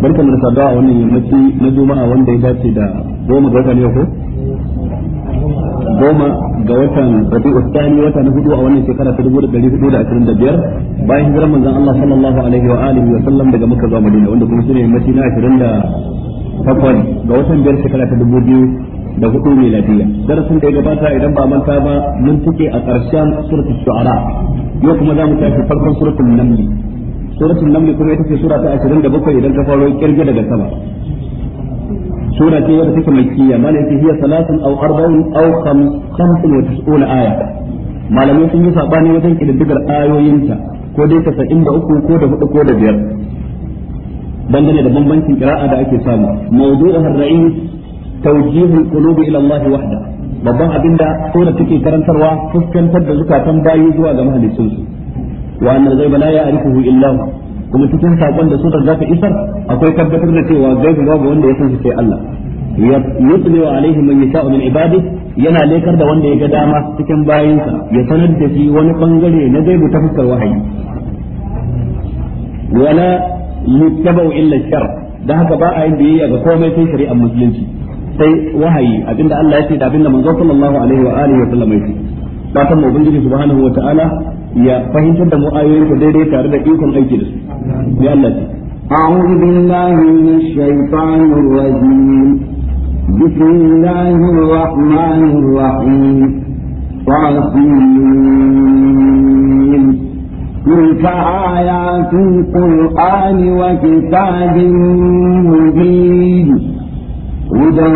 barka mu da saduwa a wannan yammaci na juma'a wanda ya dace da goma ga watan yau goma ga watan rabi'u tsani wata na hudu a wannan shekara ta dubu da dari hudu da ashirin da biyar bayan hijirar manzon Allah sallallahu alaihi wa alihi wa sallam daga Makka zuwa Madina wanda kuma shine yammaci na ashirin da takwas ga watan biyar shekara ta dubu biyu da hudu miladiya darasin da ya gabata idan ba manta ba mun tuke a ƙarshen suratul shu'ara yau kuma za mu tafi farkon suratul namli suratul naml kuma ita ce sura ta 27 idan ka faro kirge daga sama sura ce wadda take makkiya mana yake hiya salatun aw arba'un aw khamsun wa tis'un aya malamai sun yi sabani wajen kididdigar ayoyinta ko dai ka sa'in uku ko da hudu ko da biyar dangane da bambancin qira'a da ake samu mawdu'uha ar-ra'is tawjihul qulubi ila Allah wahda babban abinda sura take karantarwa fuskantar da zukatan bayi zuwa ga mahalicin su wa annal ghaiba la ya'rifuhu illa hu kuma cikin sakon da surar zaka isar akwai tabbatar da cewa gaibu babu wanda ya san shi sai Allah yutliwa alaihi man yasha'u min ibadi yana lekar da wanda ya ga dama cikin bayinsa ya sanar da shi wani bangare na gaibu ta fuskar wahayi wala yuttaba'u illa shar da haka ba a yin biyayya ga komai sai shari'ar musulunci sai wahayi abinda Allah ya ce da abinda manzo sallallahu alaihi wa alihi wa sallam ya ce fatan mu ubangiji subhanahu wa ta'ala ya fahimtar da mu ayoyin ka daidai tare da ikon aiki da su ya Allah ji أعوذ بالله من الشيطان الرجيم بسم الله الرحمن الرحيم طاسمين تلك آيات القرآن وكتاب مبين هدى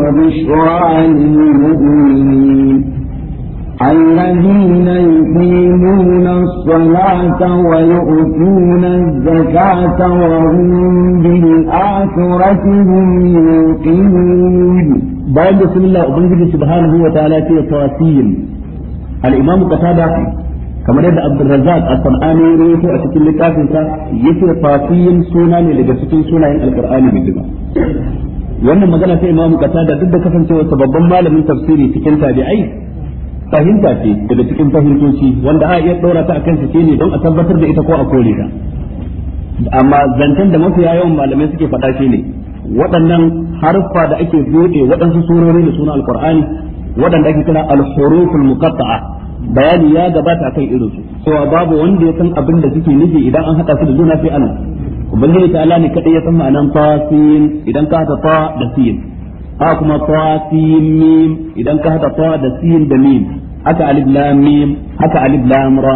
وبشرى للمؤمنين الذين يقيمون الصلاة ويؤتون الزكاة وهم بالآخرة هم يوقنون بعد بسم الله أبنجد سبحانه وتعالى في التواصيل الإمام قتادة kamar yadda Abdulrazzaq Al-Qur'ani ya rawaito a cikin littafin sa yace fasiyin suna ne daga cikin sunayen al wannan magana ta Imam Qatada duk da kasancewar babban malamin tafsiri cikin tabi'ai fahimta ce daga cikin fahimtoci wanda a iya ɗora ta akan su ne don a tabbatar da ita ko a kore ta amma zancen da mafiya yawan malamai suke faɗa ce ne waɗannan harfa da ake buɗe waɗansu surori da suna alqur'ani waɗanda ake kira al-huruful muqatta'a bayani ya gabata kai irin su cewa babu wanda ya san abin da suke nufi idan an haɗa su da juna sai ana ubangiji ta'ala ne kadai ya san ma'anan fasin idan ka haɗa fa da sin ha kuma ta sin mim idan ka haɗa tawa da sin da mim haka alif lam mim haka alif lam ra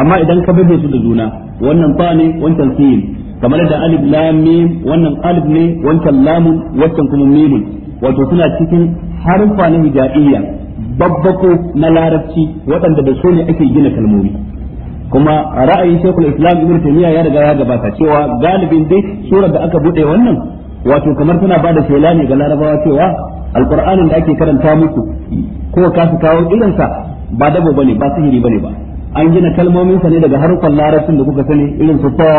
amma idan ka bude su da juna wannan ta ne wancan sin kamar da alif lam mim wannan alif ne wancan lamun wancan kuma mimun wato suna cikin harfa na hijaiyya babbako na larabci waɗanda da su ake gina kalmomi kuma ra'ayin shekul islam ibn taymiya ya riga ya gabata cewa galibin dai surar da aka bude wannan wato kamar tana ba da shela ne ga larabawa cewa alqur'anin da ake karanta muku ko ka su kawo irinsa ba dabo bane ba sihiri bane ba an gina kalmomin sa ne daga harukan larabcin da kuka sani irin su ta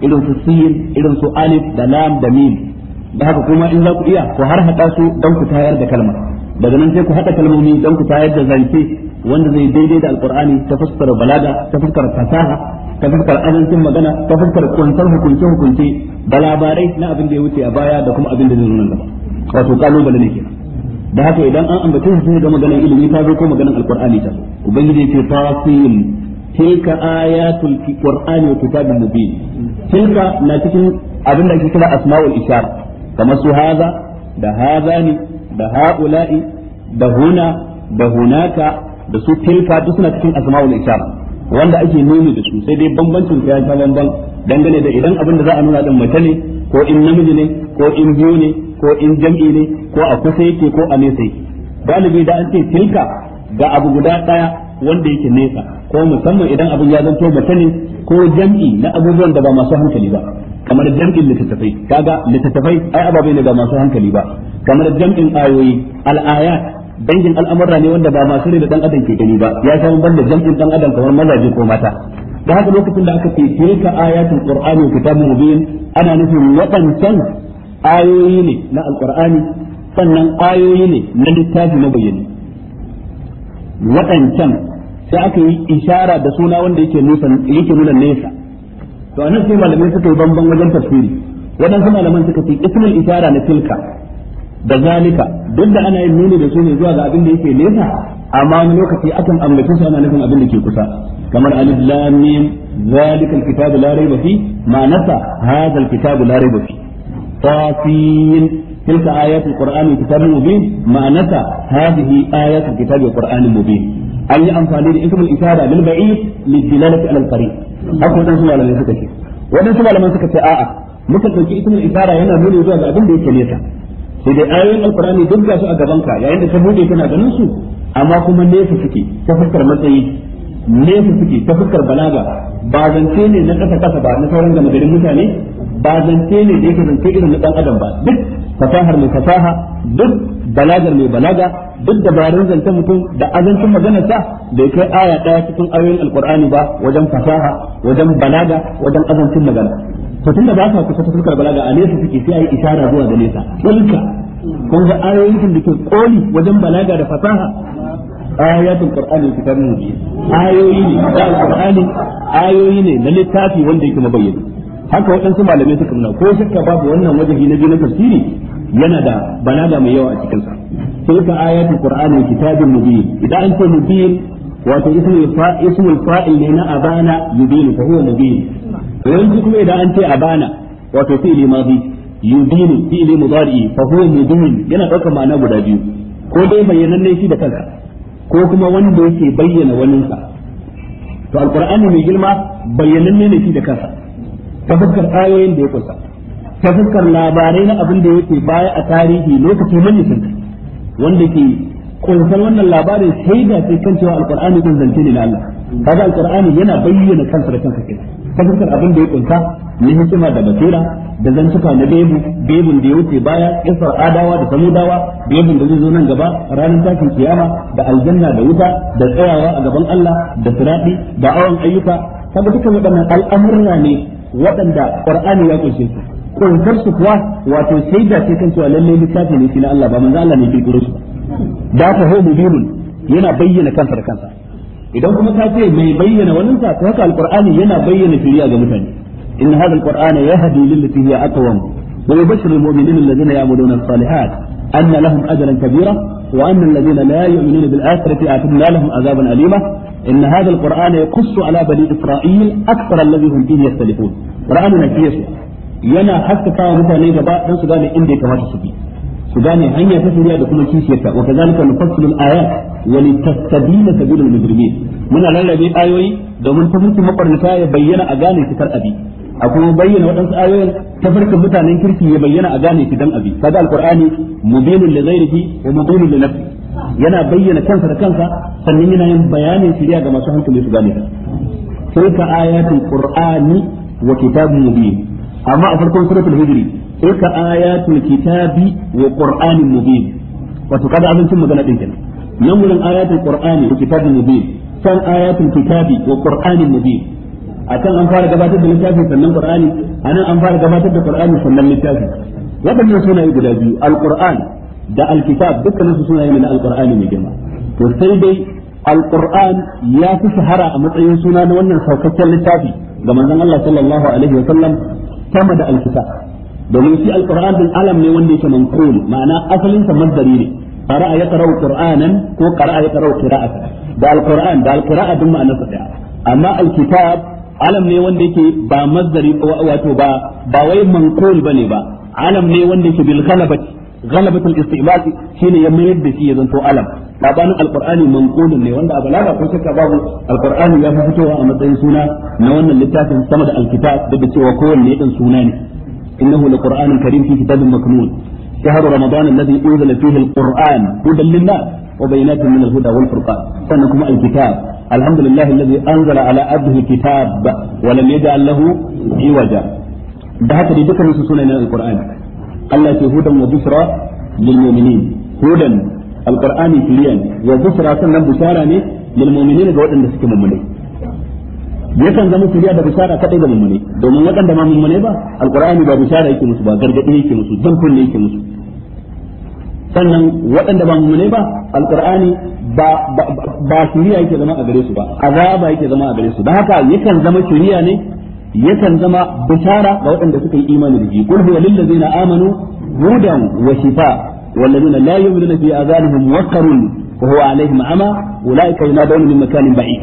irin su sin irin su alif da lam da mim da haka kuma in za ku iya ku har hada su don ku tayar da kalmar daga nan sai ku haɗa kalmomi don ku tayar da zance wanda zai daidai da alkur'ani ta fuskar balaga ta fuskar fasaha ta fuskar azancin magana ta fuskar kuntar hukunce hukunce da labarai na abin da ya wuce a baya da kuma abin da zai nuna gaba wato kalubale ne kenan da haka idan an ambace su sai ga maganar ilimi ta zo ko maganar alkur'ani ta ubangiji ce tasil tilka ayatul qur'ani wa kitabin mubin tilka na cikin abin da ake kira asma'ul ishar kamar su haza da haza ne da ha'ula'i da huna da hunaka da su tilka duk suna cikin asma'ul ishara wanda ake nuni da su sai dai bambancin ya ta bamban dangane da idan abin da za a nuna din mace ne ko in namiji ne ko in biyu ne ko in jam'i ne ko a kusa yake ko a nesa yake galibi da an ce tilka ga abu guda daya wanda yake nesa ko musamman idan abin ya zanto mace ne ko jam'i na abubuwan da ba masu hankali ba kamar jam'in littattafai kaga littattafai ai ababe ne ba masu hankali ba kamar jam'in ayoyi al'aya dangin al'amurra ne wanda ba masu rai da dan adam ke gani ba ya samu banda jam'in dan adam kamar mazaje ko mata da haka lokacin da aka ce tilka ayatul qur'ani kitabun mubin ana nufin waɗancan ayoyi ne na alqur'ani sannan ayoyi ne na littafi na bayyane waɗancan sai aka yi ishara da suna wanda yake nuna nesa to anan sai malamai suka yi bamban wajen tafsiri wadansu malaman suka ce ismul isara na tilka da zalika duk da ana yin nuni da su ne zuwa ga abin da yake nesa amma wani lokaci akan ambace su ana nufin abin da ke kusa kamar alif lam mim zalika alkitabu la rayba fi ma'anasa hadha alkitabu la rayba fi tasin تلك آيات القرآن الكتاب المبين معناتها هذه آيات an yi amfani da أنفالين isara الإشارة للبعيد للدلالة على القريب haka wadansu malamai suka ce wadansu malaman suka ce a'a muka dauki ismul isara yana nuni zuwa ga abin da yake nesa sai dai ayoyin alqur'ani duk ga su a gaban ka yayin da ka bude kana ganin su amma kuma nesa suke ta fuskar matsayi nesa suke ta fuskar balaga ba zance ne na kasa kasa ba na sauran gama garin mutane ba zance ne da yake zance irin na dan adam ba duk fasahar mai fasaha duk balagar mai balaga duk dabarun zance mutum da azancin maganarsa bai kai aya daya cikin ayoyin alkur'ani ba wajen fasaha wajen balaga wajen azancin magana to tunda ba sa kusa ta balaga a nesa suke sai ayi isara zuwa ga nesa kulka kun ga ayoyin da ke koli wajen balaga da fasaha ayatul qur'ani kitabun mubin ayoyi ne da alqur'ani ayoyi ne na littafi wanda yake mabayyana haka waɗansu malamai suka nuna ko shakka babu wannan wajahi na biyu na tafsiri yana da balaga mai yawa a cikin sa sai ka ayatul qur'ani kitabun mubin idan an ce mubin wato ismul fa'il ismul fa'il ne na abana yubin fa huwa mubin yanzu kuma idan an ce abana wato fi'il madi yubin fi'il mudari fa huwa mubin yana daukar ma'ana guda biyu ko dai bayyananne shi da kanka ko kuma wanda yake bayyana waninsa to alqur'ani mai girma bayyananne ne shi da kansa ta fuskar ayoyin da ya kusa ta fuskar labarai na abin da yake baya a tarihi lokaci manyan wanda ke kunsan wannan labarin shaida sai kan cewa alkur'ani din zance ne na Allah kaga alqur'ani yana bayyana kansa da kansa kenan ta fuskar abin da ya kunta ne hikima da basira da zantuka na bebu bebun da ya wuce baya kisar adawa da samudawa bebun da zai zo nan gaba ranar tashin kiyama da aljanna da wuta da tsayawa a gaban Allah da siraɗi da awon ayyuka kaga dukkan waɗannan al'amurra ne waɗanda ƙur'ani ya kunshe su kautar su kuwa wato shaida ce kan cewa lallai littafi ne na Allah ba manzo Allah ne kirkiro da ta hu mudirun yana bayyana kansa da kansa idan kuma ka ce mai bayyana wannan sa to haka alqur'ani yana bayyana shari'a ga mutane inna hadha alqur'ana yahdi lil lati hiya aqwam wa yubashshiru almu'minina alladhina ya'maluna as-salihat anna lahum ajran kabira wa anna alladhina la yu'minuna bil akhirati a'tadna lahum azaban alima inna هذا القرآن يقص ala بني إسرائيل أكثر الذي هم فيه يختلفون قرآننا فيه yana haskaka wa mutane gaba dan su gane inda ya kamata su bi su gane hanya ta shari'a da kuma kishiyarta wa kazalika nufassilu al-ayat wa litastabina sabilul mujrimin muna lallabe ayoyi domin tafarkin makwarnata ya bayyana a gane su abi a kuma bayyana waɗansu ayoyin tafarkin mutanen kirki ya bayyana a gane su dan abi kaga alqur'ani mubinun li ghairihi wa mubinun li nafsi yana bayyana kansa da kansa sannan yana yin bayanin shari'a ga masu hankali su gane ta tilka ayatul qur'ani wa kitabun mubin amma a farkon suratul hijri tilka ayatul kitabi wa qur'anin mubin wato kada abincin magana din kenan nan wurin ayatul qur'ani wa kitabin mubin kan ayatul kitabi wa qur'anin mubin akan an fara gabatar da littafin sannan qur'ani anan an fara gabatar da qur'ani sannan littafin waɗannan sunaye guda biyu alqur'an da alkitab dukkanin su sunaye na alqur'ani mai girma to sai dai alqur'an ya fi shahara a matsayin suna na wannan saukakken littafi ga manzon Allah sallallahu alaihi wa sallam sama da alkitab domin shi alquran din alam ne wanda yake manqul ma'ana asalin sa mazdari ne qara'a ya qara'u qur'anan ko qara'a ya qara'u qira'ata da alquran da alqira'a din ma'anar sa daya amma alkitab alam ne wanda yake ba mazdari wato ba ba wai manqul bane ba alam ne wanda yake bil ghalabati غلبة الاستعباد حين يميل بشيء ذنته ألم لابان القرآن منقول لا أبلاغ فشك باب القرآن يفتوها أمدين سنة نوانا لتاك انصمد الكتاب ببسي وكول ليدن سناني إنه لقرآن الكريم في كتاب مكنون شهر رمضان الذي أنزل فيه القرآن هدى للناس وبينات من الهدى والفرقان فنكم الكتاب الحمد لله الذي أنزل على أبه كتاب ولم يجعل له عوجا ده هكذا يذكر سنة القرآن Allah ce hudan wa bushra lil mu'minin hudan alqur'ani kiriyan wa bushra sannan bushara ne lil mu'minin ga waɗanda suke mummune yakan zama kiriya da bushara kadai da mummune domin waɗanda ma mummune ba alqur'ani ba bushara yake musu ba gargadi yake musu jan kunne yake musu sannan waɗanda ba mummune ba alqur'ani ba ba shiriya yake zama a gare su ba azaba yake zama a gare su don haka yakan zama shiriya ne yakan zama bishara ga waɗanda suka yi imani da shi qul huwa lil ladzina amanu hudan wa shifa wal ladzina la yu'minuna fi azanihim waqrun wa huwa alaihim ama ulaika yunaduna min makanin ba'id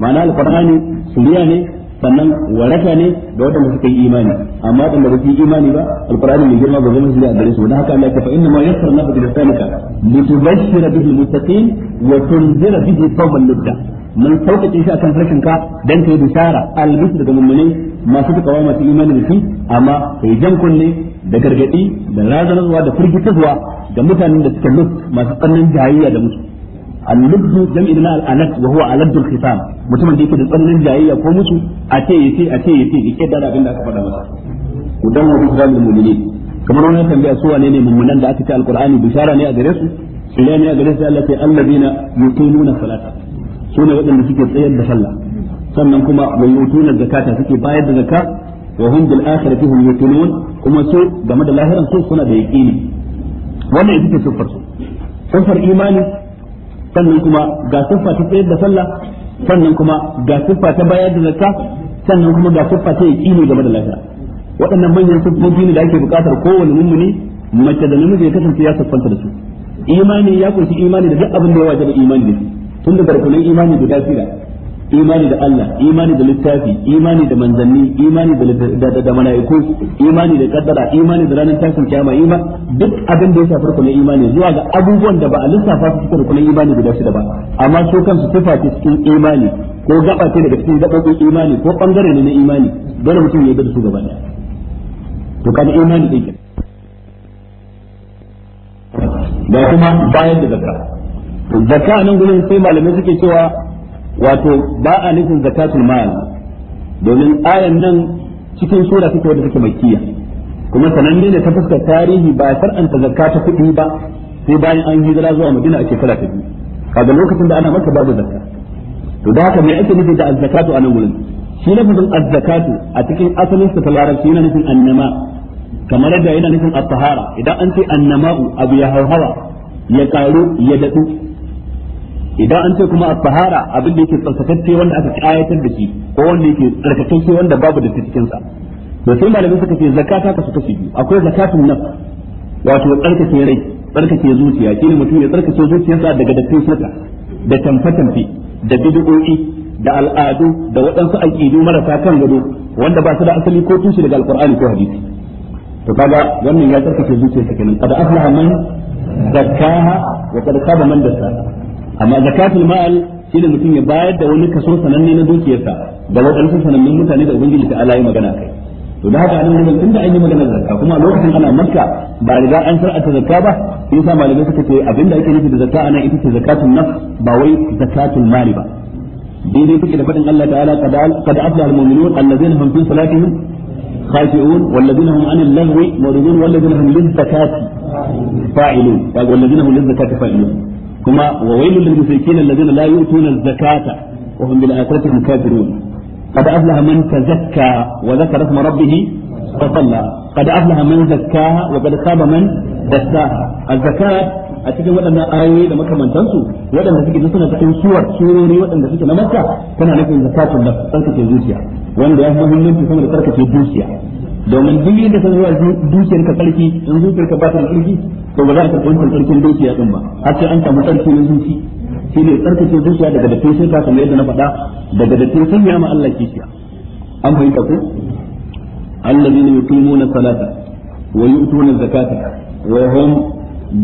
ma'ana alqur'ani suriya ne sannan waraka ne da waɗanda suka yi imani amma waɗanda ba su yi imani ba alqur'ani mai girma ba zama su a gare su dan haka Allah ya fa inna ma yassarna bi lisanika litubashshira bihi almuttaqin wa tunzira bihi qawman ludda mun sauƙaƙe shi akan harshen ka dan kai bishara albisu daga mummune masu duka wa masu imani da shi amma kai jan kunne da gargadi da razanarwa da firgitarwa ga mutanen da suke luk masu tsannan jayayya da musu al-lubbu jam'i na al wa huwa aladul mutumin da da tsannan jayayya ko mutu a ce yace a ce yace yake da abin da aka faɗa masa ku dan wa bisrail mu'minin kamar wannan tambaya su wane ne mummunan da aka ce alqur'ani bishara ne a gare su shirya ne a gare su Allah sai allazina yuqinuna salata su ne waɗanda suke tsayar da sallah sannan kuma wa yutuna zakata suke bayar da zakat wa hum bil akhirati hum yuqinun kuma su game da lahiran su suna da yaqini wannan ita ce siffar su siffar imani sannan kuma ga siffa ta tsayar da sallah sannan kuma ga siffa ta bayar da zakka sannan kuma ga siffa ta yaqini game da lahira waɗannan manyan siffofi ne da ake buƙatar kowane mummuni mace da namiji ya kasance ya siffanta da su imani ya kunshi imani da duk abin da ya waje da imani da shi Tun da barkunan imani guda shida imani da Allah imani da littafi imani da manzanni imani da da mala'iku imani da kaddara imani da ranar tashin kiyama ima duk abin da ya shafi rukunin imani zuwa ga abubuwan da ba a lissafa su cikin rukunin imani guda shida ba amma su kansu sifa ce cikin imani ko gaba ce daga cikin gabobin imani ko bangare ne na imani dole mutum ya yarda su gaba daya to kaga imani din ba kuma bayan da zakka zakka a nan gurin sai malamai suke cewa wato ba a nufin zakatul mal domin ayan nan cikin sura take wanda take makkiya kuma sananne ne ta fuskar tarihi ba shar'anta zakka ta kuɗi ba sai bayan an hijira zuwa madina a shekara ta biyu kaga lokacin da ana maka babu zakka to da haka me ake nufi da azzakatu a nan gurin shi lafazin azzakatu a cikin asalin sa ta larabci yana nufin annama kamar yadda yana nufin at-tahara idan an ce annama'u abu ya hauhawa ya karu ya dadu idan an ce kuma a fahara abin da yake tsarkakacce wanda aka kayatar da shi ko wanda yake tsarkakacce wanda babu da cikin sa to sai malamai suka ce zakata ka suka biyu akwai zakatun nafs wato tsarkake rai tsarkake zuciya shine mutum ya tsarkake zuciyarsa daga dattin sata da tamfe-tamfe da bid'o'i da al'adu da waɗansu aƙidu marasa kan gado wanda ba su da asali ko tushe daga Alƙur'ani ko hadisi to kaga wannan ya tsarkake zuciyarsa kenan kada aflaha man zakkaha wa kad khaba man dassaha amma zakatul ma'al shine mutum ya bayar da wani kaso sananne na dukiyarsa ga waɗansu sanannun mutane da ubangiji ta ala magana kai to da haka anan wannan inda an yi magana zakka kuma lokacin ana makka ba riga an shar'anta zakka ba yasa malamai suka ce abinda ake nufi da zakka ana ita ce zakatul nafs ba wai zakatul mali ba daidai take da faɗin Allah ta'ala qad aflaha al-mu'minun allazina hum fi salatihim خاشعون والذين هم عن اللغو معرضون والذين هم للزكاة فاعلون والذين هم للزكاة فاعلون kuma wa wailul lil musrikin alladhina la yu'tuna az-zakata wa قد أفلح من تزكى وذكر اسم ربه فصلى قد أفلح من زكاها وقد خاب من دساها الزكاة a cikin waɗannan ayoyi da makamantansu waɗanda suke suna cikin suwar surori waɗanda suke na makka tana nufin zakatun da tsarkake zuciya wanda ya fi muhimmanci sama da tsarkake zuciya domin duk yadda san zuwa dukiyar ka sarki in zuciyar ka ba ta sarki to ba za ka karɓi sarkin dukiya din ba har sai an samu sarki na zuci shi ne tsarkake zuciya daga da dattin ka kamar yadda na faɗa daga dattin ya ma Allah kishiya an fahimta ko allazina yuqimuna salata wa yu'tuna zakata wa hum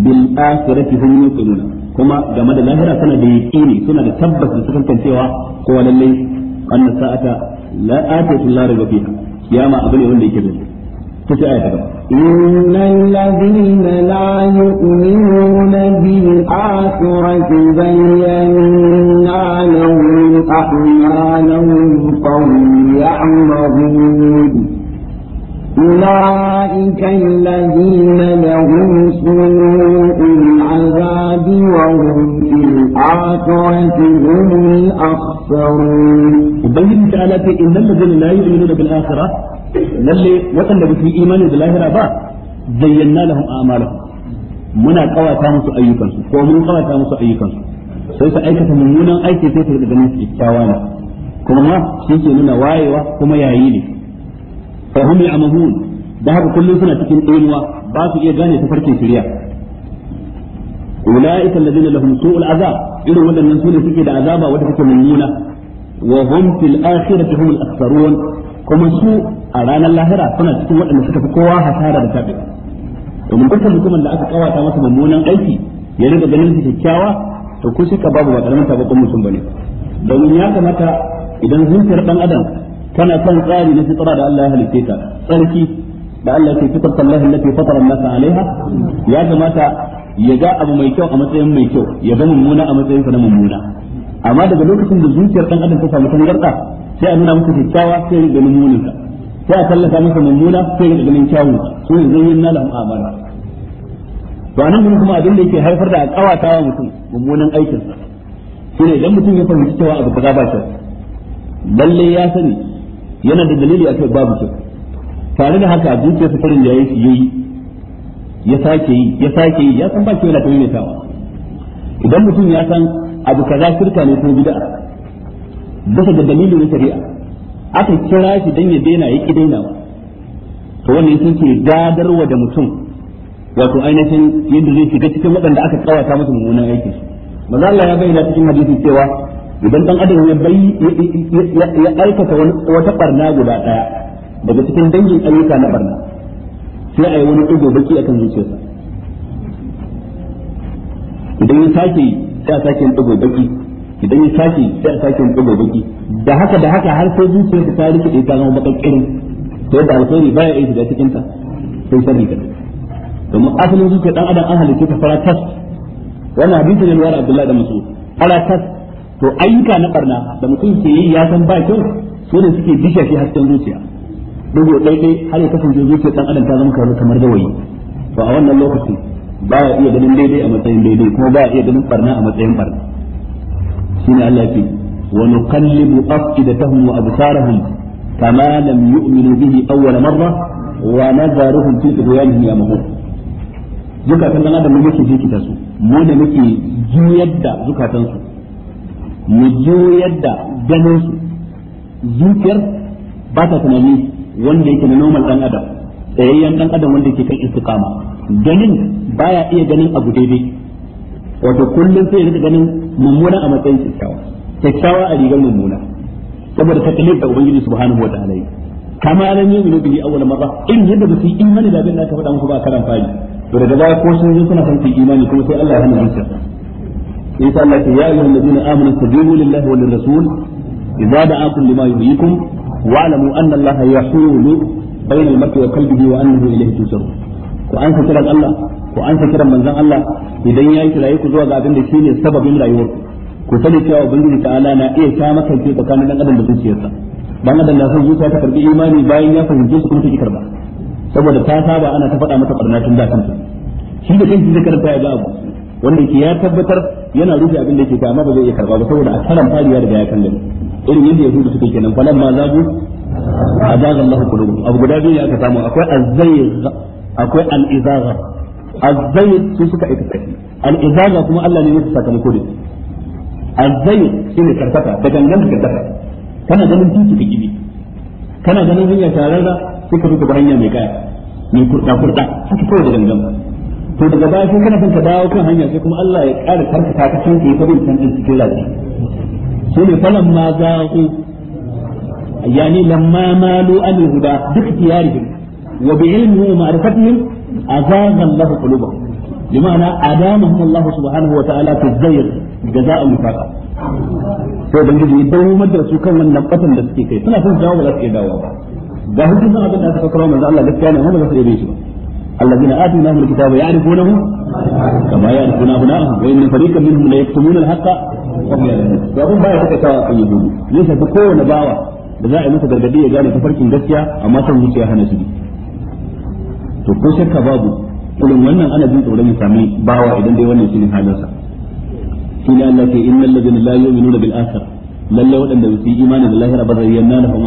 bil akhirati hum yuqinuna kuma game da lahira suna da yaqini suna da tabbas da sukan cewa ko lallai anna sa'ata la atatu la riba kiyama abu ne wanda yake zai ce aya ta gaba innal ladina la والآخرة هم الأخسرون وبين تعالى إن الذين لا يؤمنون بالآخرة للي وطن في إيمان بالآخرة با زينا لهم أعمالهم muna kawata musu ayyukansu ko mun kawata musu ayyukansu sai su aikata mummunan aiki sai su da ganin su kyakkyawa ne kuma ma sun ke nuna wayewa kuma yayi ne fa hum ya'mamun da haka kullun suna cikin ɗonuwa ba su iya gane ta farkin shirya ulaika alladhina lahum su'ul azab irin wadannan sune suke da azaba wanda take mummuna wa hum fil akhirati hum al aktharun kuma su a ranar lahira suna cikin wadanda suka fi kowa hasara da tabi domin dukkan mutumin da aka kawata masa mummunan aiki ya riga ganin su kyakkyawa to ko shi babu ba karamin tabakon mutum bane domin ya kamata idan zuciyar ɗan adam tana son tsari na fitra da Allah ya halitta tsarki da Allah ke fitar Allah allati fatara an-nas alaiha ya kamata ya ga abu mai kyau a matsayin mai kyau ya ga mummuna a matsayin sa na mummuna amma daga lokacin da zuciyar dan adam ta samu tangarda sai a nuna masa kyakkyawa sai ya ga munin sa sai a tallata masa mummuna sai ya ganin kyawun so ya yanzu yin na amana to anan mun kuma abin da yake haifar da kawatawa mutum mummunan aikin sa shine idan mutum ya fahimci cewa abu ba ba kyau lalle ya sani yana da dalili akai babu shi tare da haka zuciyarsa farin da yayi shi yayi ya sake yi ya sake yi ya san ba shi yana ta tawa idan mutum ya san abu kaza shirka ne ko bid'a bisa da dalilin shari'a aka kira shi dan ya daina ya ki daina to wannan sun ce gadarwa da mutum wato ainihin yadda zai shiga cikin waɗanda aka kawata musu mummunan aikin su maza Allah ya bayyana cikin hadisi cewa idan dan adam ya bai ya aikata wata barna guda daya daga cikin dangin ayyuka na barna sai a yi wani ɗigo baki kan zuciyarsa idan ya sake sai a sake ɗigo baki idan ya sake sai a sake ɗigo baki da haka da haka har sai zuciyarsa ta rike ta zama bakakkirin to da alkhairi baya iya shiga cikin ta sai sani ta domin asalin zuciyar dan adam an halitta ta fara tas wannan hadisi ne ruwar Abdullahi da Mas'ud fara tas to ayyuka na barna da mutum ke yi ya san ba kyau su ne suke dishe hasken zuciya dugo daidai har ya kasance zuciyar dan adam ta zama kamar gawayi to a wannan lokaci ba ya iya ganin daidai a matsayin daidai kuma ba ya iya ganin barna a matsayin barna shine Allah ya ce wa nuqallibu afidatahum wa absarahum kama lam yu'minu bihi awwal marra wa nadharuhum fi tughyanihim ya mahud zukatan dan adam muke jikita su mu da muke juyar da zukatan su mu juyar da ganin su zuciyar ba ta tunani wanda yake na normal dan adam tsayayyen dan adam wanda yake kan istiqama ganin baya iya ganin abu daidai wato kullum sai ya rika ganin mummuna a matsayin kyakkyawa kyakkyawa a rigar mummuna saboda ta taklif da ubangiji subhanahu wa ta'ala kama lam yu'minu bihi awwal marra in yadda ba su imani da abin da aka faɗa musu ba karan fari to daga baya ko sun suna son su imani kuma sai Allah ya hana zuciya in sa Allah ya ayyuhal ladina amanu tajibu lillahi wa lirrasul idza da'akum lima yuhyikum wa'lamu anna allaha yahulu ne al-mar'i wa qalbihi wa annahu ilayhi tusharun ku ansa kiran Allah ku ansa kiran manzon Allah idan yayi kiraye ku zuwa ga abin da shine sababin rayuwar ku sani cewa ubangiji ala na iya sha maka ke tsakanin dan adam da zuciyarsa dan adam na son zuciya ta karbi imani bayan ya fahimce su kuma ta karba saboda ta saba ana ta faɗa mata barna tun da kanta shi da kanki zai karanta ya ga abu wanda yake ya tabbatar yana rufe abin da yake ga amma ba zai iya karba ba saboda a karan fari ya riga ya kangare irin yadda yahudu suka kenan falan ma zabu azaga Allah qulubu abu guda biyu ne aka samu akwai azzayg akwai al-izaga azzayg su suka aika sai al-izaga kuma Allah ne ya sakamako da azzayg shine karkata da gangan karkata kana ganin titi ka gibi kana ganin hanya tararra sai ka bi hanya mai kaya mai kurda kurda haka kawai da gangan to daga baya sai kana son ka dawo kan hanya sai kuma Allah ya ƙara karkata ka can ka yi fadin can din cikin lafiya su ne falan ma zaqu yani lamma malu an huda duk tiyarihim wa bi ilmihi wa ma'rifatihim azagha Allah qulubahum بمعنى أدامهم الله سبحانه وتعالى في الزير جزاء النفاق to ubangiji idan mu da su kan wannan kafin da suke kai suna son dawo ba za su iya dawo ba ga hukuncin abin da aka kawo manzo Allah gaskiya ne wanda ba su iya bai ba الذين آتيناهم الكتاب يعرفونه كما يعرفون أبناءهم وإن فريقا منهم ليكتمون الحق وهم يعلمون وأبو بايع ليس تكون باوة da za a yi masa gargadi ya gane tafarkin gaskiya amma san ya hana shi to ko shakka babu kullum wannan ana jin tsoron sami bawa idan dai wannan shine halinsa shi ne Allah in innal ladina la yu'minuna nuna akhir lallai waɗanda ba su yi imani da lahira ba zayyana lahum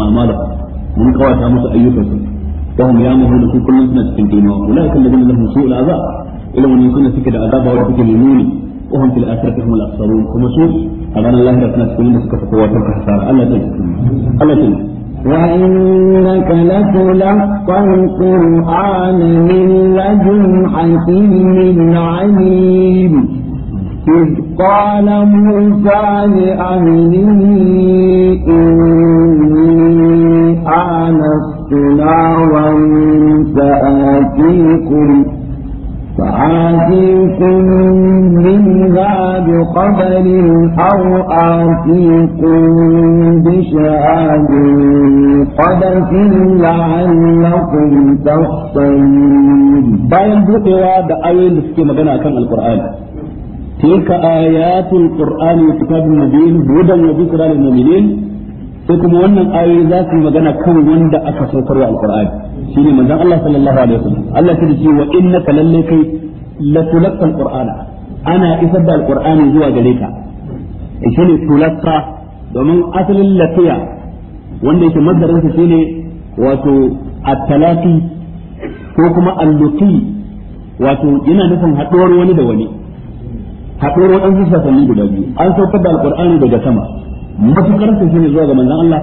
mun kawata musu ayyukansu وهم يعمهون في كل سنة في الدنيا أولئك الذين لهم سوء العذاب إلا من يكون سكد عذاب ورفق الميمون وهم في الآخرة هم الأخسرون كما سوء أبانا الله ربنا سكولين سكت قواتك حسارة الله تلك الله تلك وإنك لتلقى القرآن من لدن حكيم عليم إذ قال موسى لأهله إني آنست الحق نارا فآتيكم فآتيكم منها بقبل أو آتيكم بشهاد قدس لعلكم تحصلون باين بقوا بأيل في مغنى كان القرآن تلك آيات القرآن وكتاب مبين هدى وذكرى للمؤمنين sai kuma wannan ayoyi za su yi magana kan wanda aka saukarwa alqur'ani shine manzon Allah sallallahu alaihi wasallam Allah ya ce wa innaka lalle kai la tulqa alqur'ana ana isar da alqur'ani zuwa gare ka eh, shine tulqa domin asalin lafiya wanda yake madarin sa shine wato at-talaqi ko kuma al-luqi wato yana nufin haɗuwar wani da wani haɗuwar waɗansu sasanni guda biyu an saukar da alqur'ani daga sama matukar su shine zuwa ga manzon Allah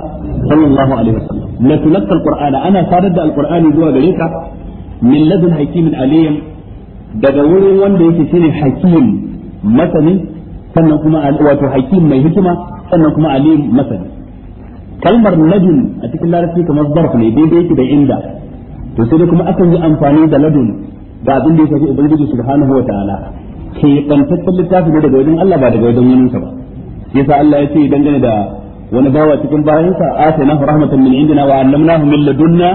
sallallahu alaihi wasallam la tulqa alqur'ana ana sadar da alqur'ani zuwa gare ka min ladun hakimin aliyam daga wurin wanda yake shine hakim masani sannan kuma wato hakim mai hikima sannan kuma alim masani kalmar ladun a cikin larabci kamar zarf ne daidai yake da inda to sai dai kuma akan yi amfani da ladun ga abin da ya shafi ubangiji subhanahu wa ke bantaccen littafi ne daga wajen Allah ba daga wajen wani ba yasa Allah ya ce dangane da wani bawa cikin bayansa ataynahu rahmatan min indina wa allamnahu min ladunna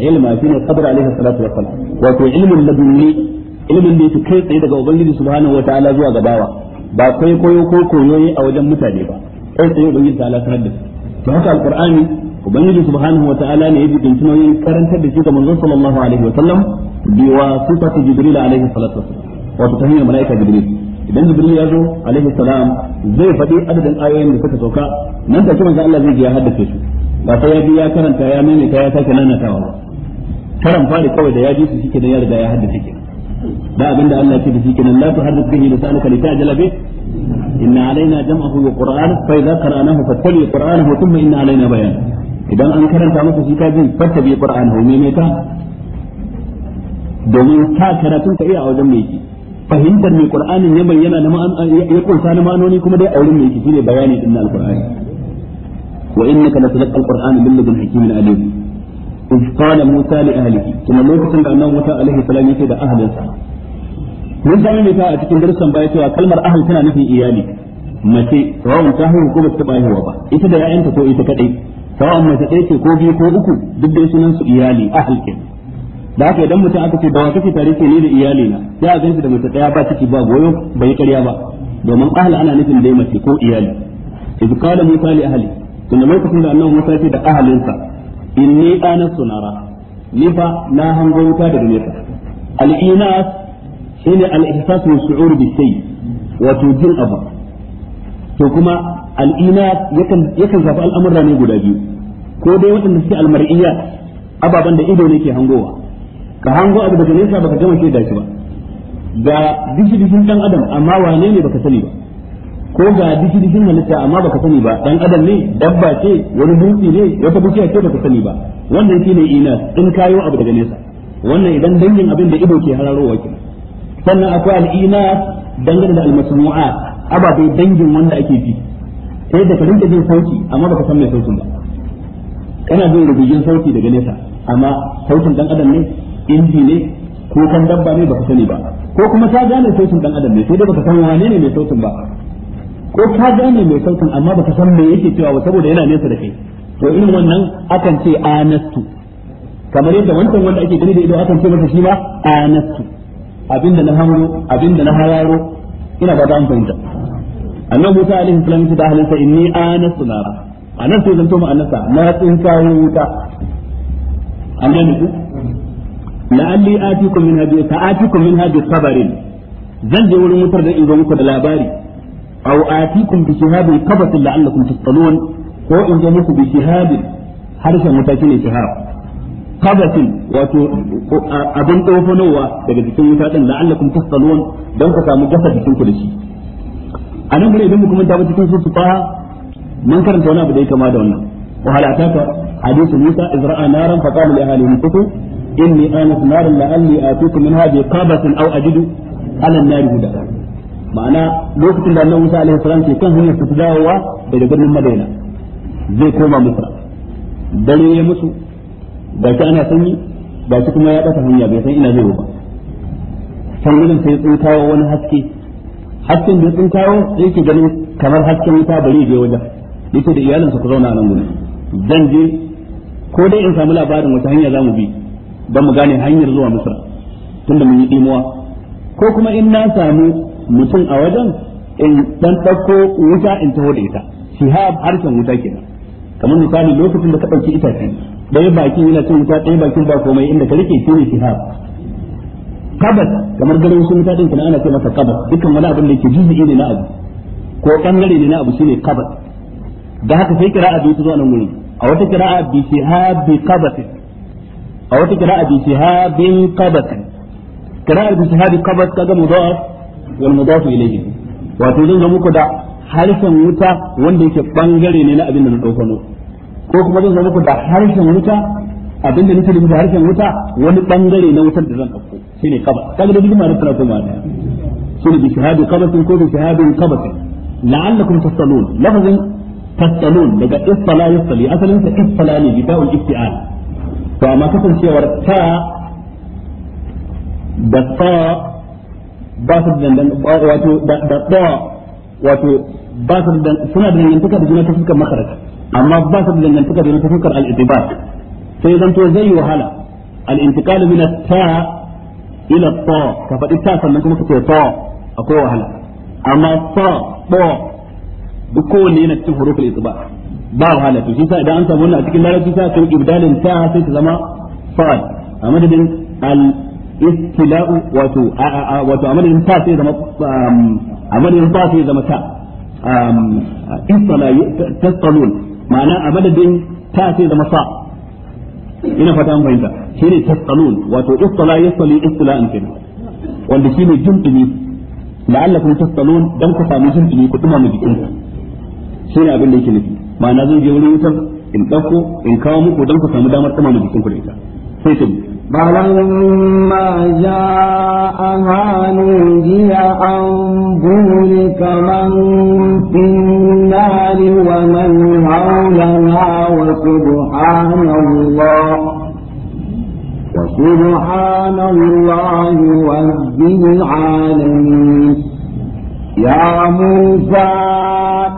ilma shine qadar alaihi salatu ilmin ladunni ilmin da yake kai tsaye daga ubangiji subhanahu wataala zuwa ga bawa ba kai koyo ko koyoyi a wajen mutane ba kai tsaye ubangiji ta Allah da su haka alqur'ani ubangiji subhanahu ne ya jibinci nauyin karantar da shi ga manzon sallallahu alaihi wasallam bi wasitati jibril alaihi salatu wassalam wato ta hanyar malaika jibril idan jibril ya zo alaihi salam zai faɗi adadin ayoyin da suka sauka nan take manzo Allah zai ji ya haddace su ba sai ya bi ya karanta ya maimaita ya sake nanatawa ba karan fari kawai da ya ji su shike da ya riga ya haddace ke da abinda Allah ya ce da shike nan la tuhaddith bihi lisanaka litajala bi inna alaina jam'ahu wa qur'an fa idza qara'nahu fattabi qur'anahu thumma inna alaina bayan idan an karanta maka shi ka ji fattabi qur'anahu maimaita domin ka karatun ka iya a wajen mai fahimtar mai qur'anin ya bayyana na ya kunsa na ma'anoni kuma dai aurin mai kici ne bayani din alqur'ani wa innaka la tulqa alqur'ana bil ladun hakimin alim iz qala musa li ahlihi kuma lokacin da annabi musa alaihi salam yake da ahlinsa mun da mai ta a cikin darsan baya cewa kalmar ahl tana nufin iyali mace rawan ta haihu ko ba ta haihuwa ba ita da ya'yanta ko ita kadai sawa'an mace ɗaya ce ko biyu ko uku duk da sunan su iyali ahl kenan da haka idan mutum aka ce da wa kake tare ke ni da iyali na sai a ganshi da mutum daya ba ciki ba goyo bai karya ba domin ahli ana nufin dai mace ko iyali idh kala musa li ahli tunda lokacin da annabi musa ce da ahalinsa inni anastu nara ni fa na hango wuta daga nesa al-inas shine al-ihsas wa shu'ur bi shay wato jin abu to kuma al-inas yakan yakan zafi al'amura ne guda biyu ko dai waɗanda suke al-mar'iyya ababan da ido ne ke hangowa ka hango abu daga nesa baka gama da shi ba ga dishi-dishin dan adam amma wane ne baka sani ba ko ga dishi-dishin halitta amma baka sani ba dan adam ne dabba ce wani dutse ne wata bishiya ce baka sani ba wannan shine ina in kayo abu daga nesa wannan idan dangin abin da ido ke hararowa kenan sannan akwai al'ina dangane da almasmu'at ababai dangin wanda ake ji sai da ka rinka jin sauti amma baka san mai sautin ba kana jin rubujin sauki daga nesa amma sautin dan adam ne inji ne ko kan dabba ne baka sani ba ko kuma ka gane sautin dan adam ne sai dai baka san wane ne mai sautin ba ko ka gane mai sautin amma baka san me yake cewa ba saboda yana nesa da kai to irin wannan akan ce anastu kamar yadda wancan wanda ake gani da ido akan ce masa shi ma anastu abinda na hamro abinda na hararo ina ba an fahimta annabi Musa alaihi salam ya ce ahlinsa inni anastu nara anastu sai to mu anasa na tsin wuta an gane ku la'alli atikum minha bi ta'atikum minha bi sabarin zan je wurin mutar da in zo muku da labari aw atikum bi shihabin qabatin la'allakum tasqalun ko in je muku bi shihabin harshen wuta shine shihab qabatin wato abin dofanowa daga cikin wuta din la'allakum tasqalun dan ku samu gafa jikin ku da shi anan gure idan muka manta ba cikin su fa mun karanta wani abu da ya kama da wannan wa halataka hadithu musa izra'a naran faqala li ahlihi kutu inni anas naran la'alli atukum minha bi qabatin aw ajidu ala an-nar huda ma'ana lokacin da Annabi Musa alaihi salam ke kan hanyar ta dawowa daga birnin Madina zai koma Misra dare ya musu ga shi ana sanyi ba shi kuma ya ɓata hanya bai san ina zai ba can gudun sai tsinkawo wani haske hasken da tsinkawo sai ke ganin kamar hasken wuta bari je wajen yace da iyalinsa ku zauna nan gudun zan je ko dai in samu labarin wata hanya za mu bi don mu gane hanyar zuwa misra tunda mun yi dimuwa ko kuma in na samu mutum a wajen in dan ɗauko wuta in taho da ita shihab harshen wuta kenan kamar misali lokacin da ka ɗauki itace ɗaya bakin yana cin wuta ɗaya bakin ba komai inda ka rike shi ne shihab kabas kamar garin wasu wuta ɗin kana ana ce masa kabas dukkan wani abin da yake juzu'i ne na abu ko ɓangare ne na abu shine kabas da haka sai kira'a biyu ta zuwa nan wurin a wata kira'a bi shihab bi kabasin a wata kira qira'a bi shihabin qabatan qira'a bi shihabi qabat kaga mudaf wal mudaf ilayhi wato zan zama muku da harshen wuta wanda yake bangare ne na abin da na dauko ko kuma zan zama muku da harshen wuta abin da nake da harshen wuta wani bangare na wutar da zan dauko shine qabat kaga da duk ma'anar tana koma da shine bi shihabi qabatin ko bi shihabin qabatin la'allakum tasalun lafazin tasalun daga istala yasali asalin sa istala ne bi ta'ul isti'al فما كنت في ورثاء بطاء باسد دن دن واتو بطاء واتو باسد دن سنة دن ينتكى بجنة تفكى مخرج أما باسد دن ينتكى بجنة تفكى الإعتبار سيدان توزي وحالا الانتقال من التاء إلى الطاء كفت التاء فلنكم فتو طاء أقوى وحالا أما الطاء طاء بكون لنا تفروك الإعتبار ba wahala to shi sa idan an samu wannan a cikin larabci sai aka ibdalin ta sai ta zama fa'al a madadin al istila'u wato wato a madadin ta sai zama um, a madadin ta sai zama ta um, istala tastalun ma'ana a madadin ta sai zama fa ina fata an fahimta shine tastalun wato istala yastali istila'an kenan wanda shine jumtumi la'allakum tastalun dan ku samu jumtumi ku duma mu jikin shine abin da yake nufi ma'ana zan je wurin wutar in ɗauko in kawo muku don ku samu damar tsama jikin ku da ita sai ta فلما جاءها نودي أن بورك من في النار ومن حولها وسبحان الله وسبحان الله رب العالمين يا موسى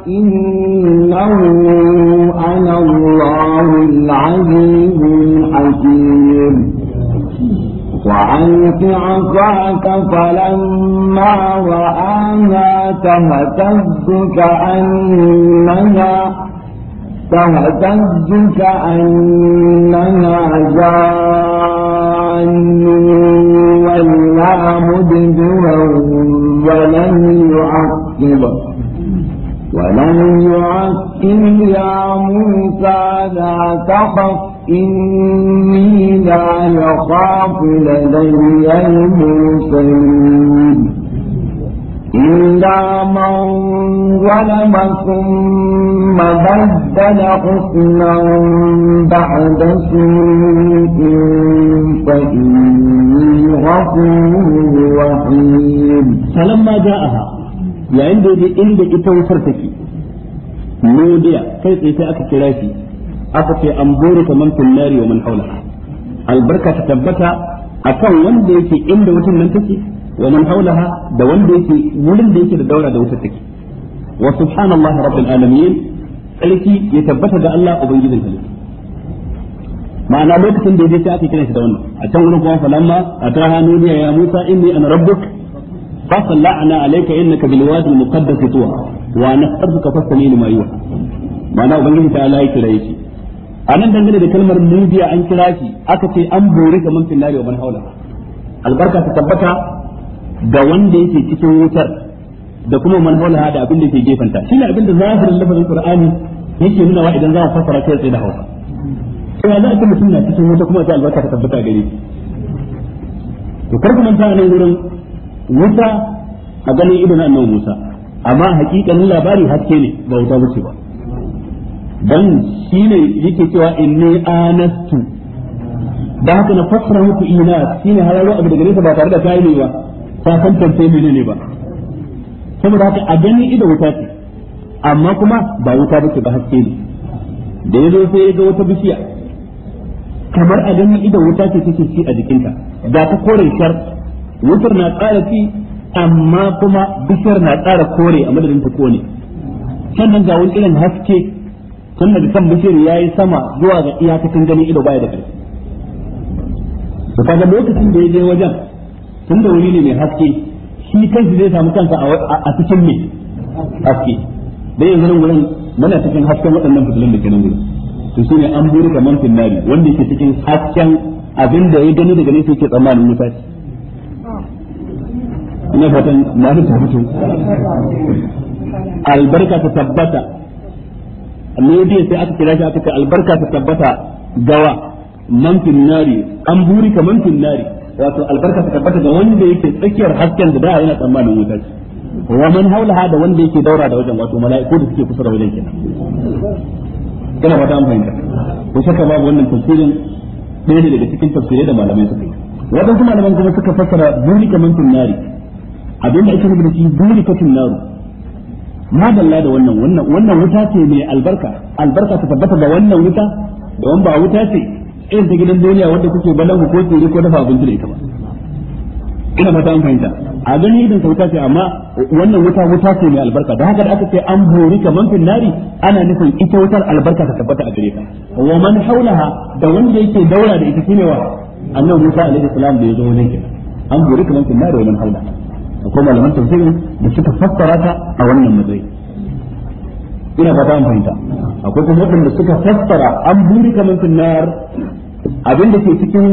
إنه أنا الله العزيز الحكيم وألق عصاك فلما رآها تهتز كأنها تهتز كأنها جان ولا مدبرا ولم يعقب ولم يعقب يا موسى لا تخف إني لا يخاف لدي المرسلين إلا من ظلم ثم بدل حسنا بعد سوء فإني غفور رحيم ma za a ha yayin da yaje inda ita wutar take nudiya kai tsaye sai aka kira shi aka ce an bore ta man nari wa man haula albarka ta tabbata a kan wanda yake inda wutar nan take wa man haulaha da wanda yake wurin da yake da daura da wutar take wa subhanallahi rabbil alamin sarki ya tabbata ga Allah ubangijin halitta ma'ana lokacin da yaje sai aka kira shi da wannan a can wurin kuma ma a atraha nudiya ya musa inni ana rabbuk fasala'na alayka innaka bil wadi al muqaddas tuwa wa nasaruka fasali lima yuha ma'ana ubangiji ta Allah ya kira shi anan dangane da kalmar mubiya an kira shi aka ce an bore ga man finnari wa man haula albarka ta tabbata ga wanda yake cikin wutar da kuma man da abin da yake gefanta shine abin da zahirin lafazin qur'ani yake nuna wa idan za a fasara kai tsaye da hausa kuma za a mutum na cikin wuta kuma sai albarka ta tabbata gare shi to kar manta nan gurin wuta a ganin idon annabi Musa amma hakikanin labari haske ne ba wuta bace ba dan shine yake cewa inni anastu da haka na fassara muku ina shine hararo abu daga nesa ba tare da kai ne ba ta san tantance menene ba saboda haka a ganin idan wuta ce amma kuma ba wuta ce ba haske ne da yazo sai ya ga wata bishiya kamar a ganin idan wuta ce take ci a jikinta da ta kore shar wutar na tsara ci amma kuma bishiyar na tsara kore a madadin ta kone sannan ga wani irin haske tun daga kan bishiyar ya yi sama zuwa ga iyakacin ganin ido baya da ƙarfi da kaga lokacin da ya je wajen tun da wuri ne mai haske shi kansa zai samu kansa a cikin mai haske dai yanzu nan wurin muna cikin hasken waɗannan fitilun da ke nan wurin to ne an buri da mantin nari wanda ke cikin hasken abin da ya gani daga nesa yake tsammanin nufashi na fatan na ta fito albarka ta tabbata ne sai aka kira shi aka ce albarka ta tabbata gawa man nari an buri ka man nari wato albarka ta tabbata ga wanda yake tsakiyar hasken da da yana tsammanin wutar wa man haulaha da wanda yake daura da wajen wato mala'iku da suke kusa da wajen kenan kana fata an fahimta ko shakka babu wannan tafsirin ɗaya ne daga cikin tafsirai da malamai suka yi wadansu malaman kuma suka fassara buri ka man nari abinda ake rubuta shi burikatun naru ma dalla da wannan wannan wannan wuta ce mai albarka albarka ta tabbata ga wannan wuta da wanda ba wuta ce irin ta gidan duniya wanda kuke balan ko tsere ko dafa abinci da ita ba ina fata an fahimta a gani idan wuta ce amma wannan wuta wuta ce mai albarka da haka da aka ce an bori ka manfin nari ana nufin ita wutar albarka ta tabbata a gare ta wa man haulaha da wanda yake daura da ita shine wa annabi Musa alaihi salam da ya zo wajen kenan an bori ka manfin nari wa man haulaha akwai malaman tafsirin da suka fassara ta a wannan matsayi ina ba ta fahimta akwai kuma waɗanda suka fassara an buri kamar finnar abin da ke cikin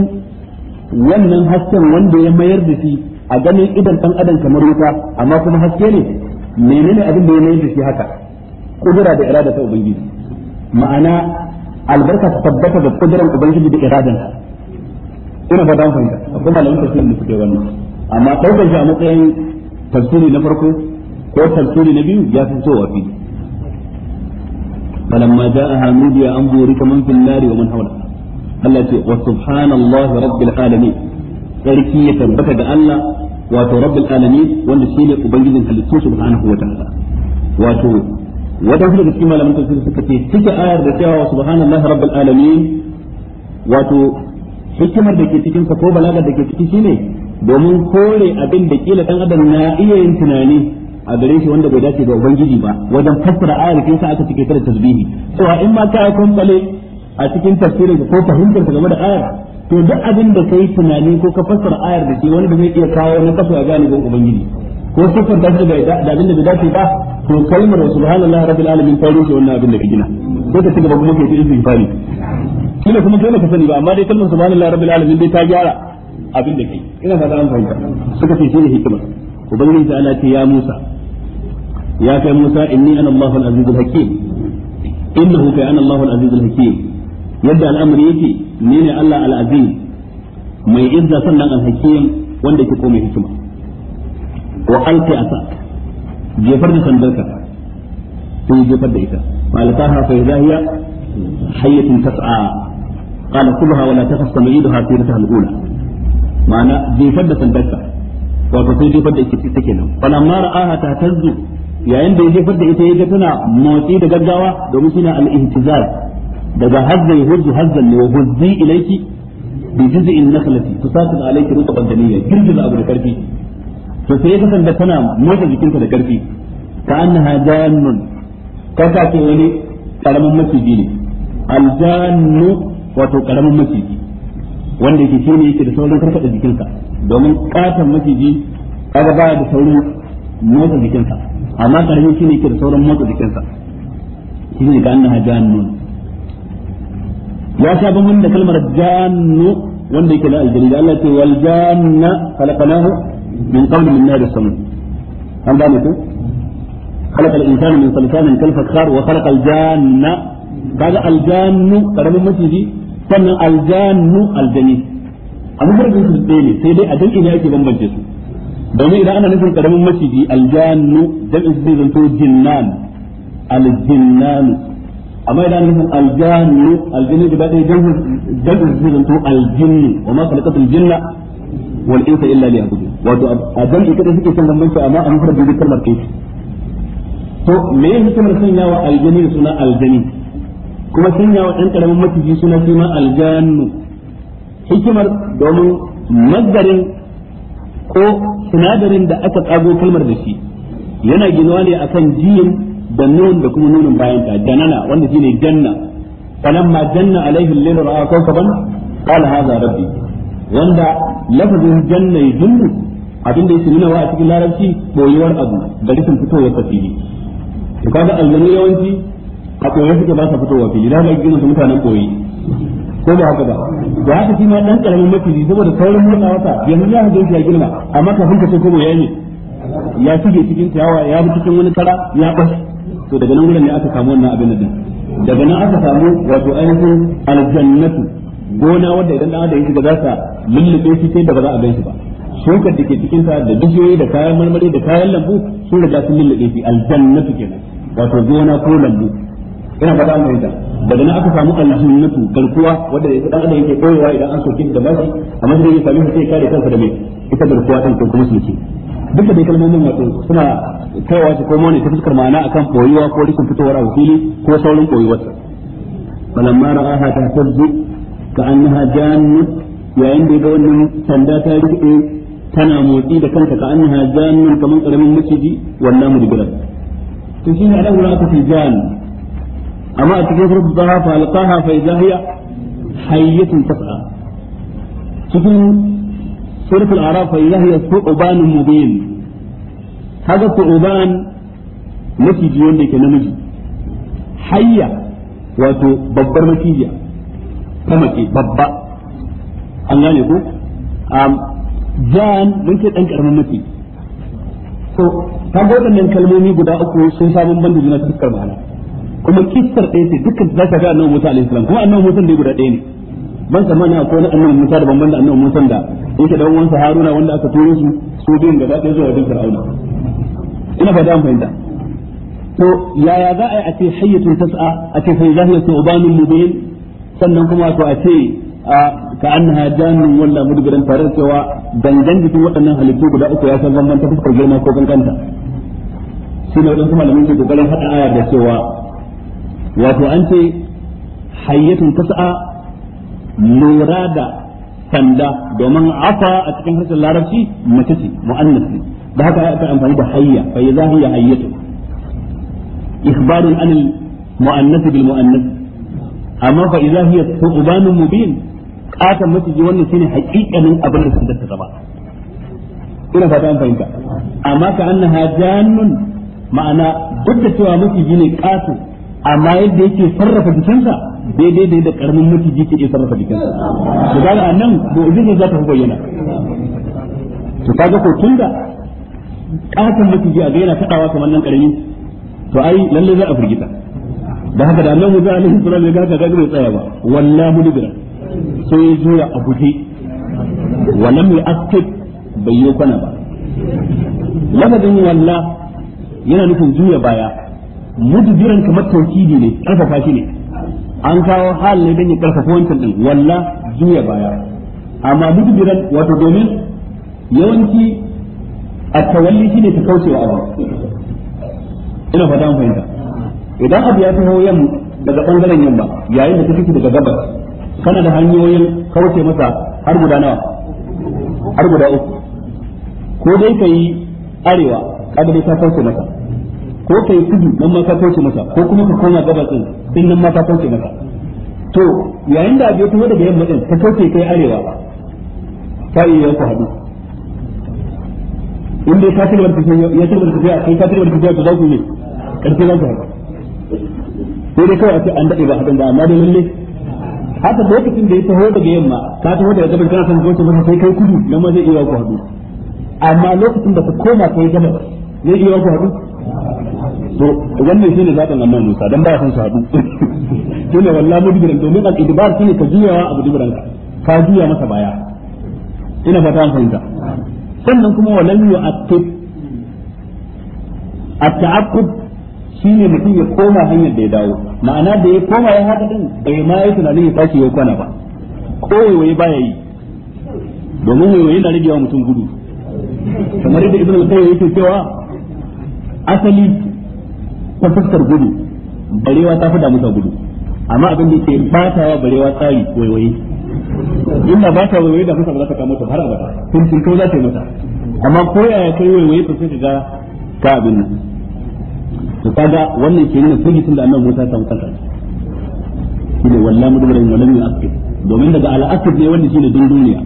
wannan hasken wanda ya mayar da shi a ganin idan ɗan adam kamar wuta amma kuma haske ne menene abin da ya mayar da shi haka kudura da irada ta ubangiji ma'ana albarka ta tabbata da kudurar ubangiji da iradansa ina ba ta fahimta akwai malaman tafsirin da suke wannan amma daukar shi a matsayin tafsiri na farko ko tafsiri na biyu ya fi fitowa fi falamma an wa man hawla Allah ce wa subhanallahi rabbil alamin sarki ya tabbata ga Allah wato rabbil alamin wanda shine ubangijin halittu subhanahu wa ta'ala wato wadansu daga cikin malaman tafsir suka ce cike ayar da cewa subhanallahi rabbil alamin wato hikimar da ke cikin sa ko balagar da ke ciki domin kore abin da kila dan adam na iya yin tunani a gare shi wanda bai dace da ubangiji ba wajen fassara ayar kin sa aka cike ta da tasbihi to in ma ka kun tsale a cikin tafsirin ko fahimtar ka game da ayar to duk abin da kai tunani ko ka fassara ayar da ke wani da zai iya kawo na kafa a gane ubangiji ko sifar da bai da abin da bai dace ba to kalmar subhanallahi rabbil alamin ta rushe wannan abin da ka gina sai ka cigaba kuma kai ta izin fani kila kuma kai ka sani ba amma dai kalmar subhanallahi rabbil alamin dai ta gyara abin da kai ina fata an fahimta suka ce shine hikima ubangiji ta ce ya Musa ya kai Musa inni ana Allahu al-aziz al-hakim innahu kai ana Allahu al-aziz al-hakim yadda al'amari yake ni ne Allah al-aziz mai izza sannan al-hakim wanda ke komai hikima wa alqi asak jefar da sandarka sai jefar da ita malakaha fa hiya hayyatun tas'a قال كلها ولا تخف سمعيدها سيرتها الأولى ma'ana jefar da sandarsa wato sai jefar da ita kenan falamma ra'aha ta tazzu yayin da ya jefar da ita yaga tana motsi da gaggawa domin shine al-ihtizar daga hazza yuhzu hazzan ne wa huzzi ilayki bi juz'in nakhlati tusaqit alayki rutban daniyya girgiza abu da karfi to sai ya san da tana motsa jikinta da karfi ka annaha jannun ka ta ce wani karamin maciji ne aljannu wato karamin maciji wanda yake shine yake da saurin karkada jikinsa domin katon maciji kaga baya da saurin motsa jikinsa amma shi ne yake da saurin motsa jikinsa shine ga annaha jannu ya sha ban da kalmar jannu wanda yake da aljani da Allah ce wal janna khalaqnahu min qabl min nar as-samum an ba ku خلق الانسان من صلصال كالفخار وخلق الجان قال الجان قرم المسجد sannan aljannu aljani a mafarkin su ɗaya ne sai dai a jam'i ne ake bambance su domin idan ana nufin karamin maciji aljannu jam'in su zai zanto jinnan aljinnanu amma idan ana nufin aljannu aljani guda ɗaya jam'in su zai zanto aljinnu wa ma khalaqatul jinna wal insa illa liya'budun wato a jam'i kada suke son bambance amma a mafarkin kalmar kai to me yake hikimar sanyawa aljani da suna aljani kuma sanya wa ɗan ƙaramin maciji suna shi ma aljannu hikimar domin mazgarin ko sinadarin da aka tsago kalmar da shi yana ginuwa ne akan jiyin da nun da kuma nunin bayanta janana wanda shine janna ma janna alaihi al-layl ra'a kawkaban qala hadha rabbi wanda lafazin janna yunnu abin da yake nuna wa a cikin larabci boyuwar abu da fito ya tafili to kaga aljanu yawanci a ya suke ba sa fitowa fili da ga irin su mutanen koyi ko da haka ba da haka shi ma dan karamin maciji saboda saurin murna wata ya ya hajjo shi ya girma amma kafin ka sai ko ya yi ya shige cikin tawa ya bi cikin wani kara ya bashi to daga nan wurin ne aka samu wannan abin nan daga nan aka samu wato ainihin aljannatu gona wanda idan dan adam ya shiga za ta lullube shi sai da ba za a gan shi ba shukar da ke cikin sa da bishiyoyi da kayan marmari da kayan lambu sun riga sun lullube shi aljannatu kenan wato gona ko lambu ina fata mai da daga nan aka samu alhinnatu garkuwa wanda ya dan adam yake koyewa idan an soke da mai amma sai yake sami sai kare kansa da mai ita garkuwa din ko kuma sulke duka dai kalmomin wato suna kaiwa ta komo ne ta fuskar ma'ana akan koyuwa ko rikin fitowar a fili ko saurin koyuwarsa falamma ra'aha ta tabbu ka annaha jannat yayin da ga wannan sanda ta rike tana motsi da kanta ka annaha jannat kaman karamin maciji wannan mudbiran to shine wurin aka fi jannat amma a cikin surat taha fa alqaha fa idha hiya hayyatun tas'a cikin surat al-a'raf fa idha hiya thuban mubin haka thuban maciji wanda yake namiji hayya wato babbar macijiya ta mace babba an gane ko jan mun ce dan karamin mace so kaga waɗannan kalmomi guda uku sun sha bamban da juna ta fuskar ma'ana kuma kissar ɗaya ce dukkan ta shafi annabi Musa alaihi salam kuma annabi Musa dai guda ɗaya ne ban tsammani akwai na annabi Musa da banban da annabi Musa da yake da wansa Haruna wanda aka turo su su biyun gaba ɗaya zuwa wajen Fir'auna ina fata an fahimta to yaya za a yi a ce hayyatun tas'a a ce fa zahiyatu ubanun mubin sannan kuma to a ce ka annaha jannun walla mudbiran tare da cewa dangan jikin waɗannan halittu guda uku ya san bambanta fuskar girma ko kankanta shi ne waɗansu malamin ke kokarin haɗa aya da cewa wato an ce hayyatun tas'a lura da sanda domin afa a cikin harshen larabci mace ce mu'annas ne da haka aka amfani da hayya fa yaza hiya hayyatu ikhbarun anil mu'annas bil mu'annas amma fa idza hiya thubanun mubin kata mace ji wannan shine haƙiƙanin abin da suka ta zama ina fata an fahimta amma ka annaha jannun ma'ana duk da cewa mace ne kato amma yadda yake sarrafa jikinsa daidai da yadda karamin maciji ke sarrafa jikinsa to da anan Da za ta bayyana to kaga ko Da katon maciji a ga yana kadawa kamar nan karami to ai lalle za a firgita da haka da annabi Musa alaihi salam ya ga kaga bai tsaya ba Wannan mulibira sai ya jura a guje Wannan lam yu'akkid bai yi kwana ba lafazin wallah yana nufin juya baya mudubiran kamar matauki ne karfafa shi ne an kawo hal ne dan ya karfafa wancan din walla juya baya amma mudubiran wato domin yawanci a tawalli shine ta kaucewa abu ina fata mun fahimta idan abu ya taho yamma daga bangaren yamma yayin da kake daga gabas kana da hanyoyin kauce masa har guda nawa har guda uku ko dai kai arewa kada dai ka kauce masa ko ka yi kudu nan mata kauce masa ko kuma ka koma gabas din din nan mata kauce masa to yayin da abu tuwo daga yamma din ka kauce kai arewa ka iya ku hadu in dai ka tilbar tafiya ya tilbar tafiya kai ka tilbar tafiya ku za ku ne karfi za ku hadu sai dai kawai a ce an daɗe ba hadin ba amma dai lalle haka lokacin da ya taho daga yamma ka taho daga gabas kana son kauce masa sai kai kudu nan ma zai iya ku hadu amma lokacin da ka koma kai gabas zai iya ku hadu to wannan shine zaɓin annabi Musa dan ba san su haɗu shine wallahi mudbiran domin al-idbar shine ka wa abu dubiran ka ka juya masa baya ina fata an fahimta sannan kuma walam yu'aqqib at-ta'aqqub shine mutum ya koma hanyar da ya dawo ma'ana da ya koma ya haka din bai ma yi tunanin ya sake ya kwana ba koyewaye baya yi domin wai na rage wa mutum gudu kamar yadda ibn al-qayyim yake cewa asali ta fuskar gudu barewa ta fi damu ta gudu amma abin da ke yake wa barewa tsari waiwaye inda ba ta waiwaye da masa ba za ta kama ta har abada tun tun kawai za ta yi masa. amma ko yaya kai waiwaye to sai ka ga ka abin nan to kaga wannan ke nuna tun da annabi Musa ta samu kansa shine wallahi mudbarin wallahi al-aqib domin daga al ne wanda shine dunduniya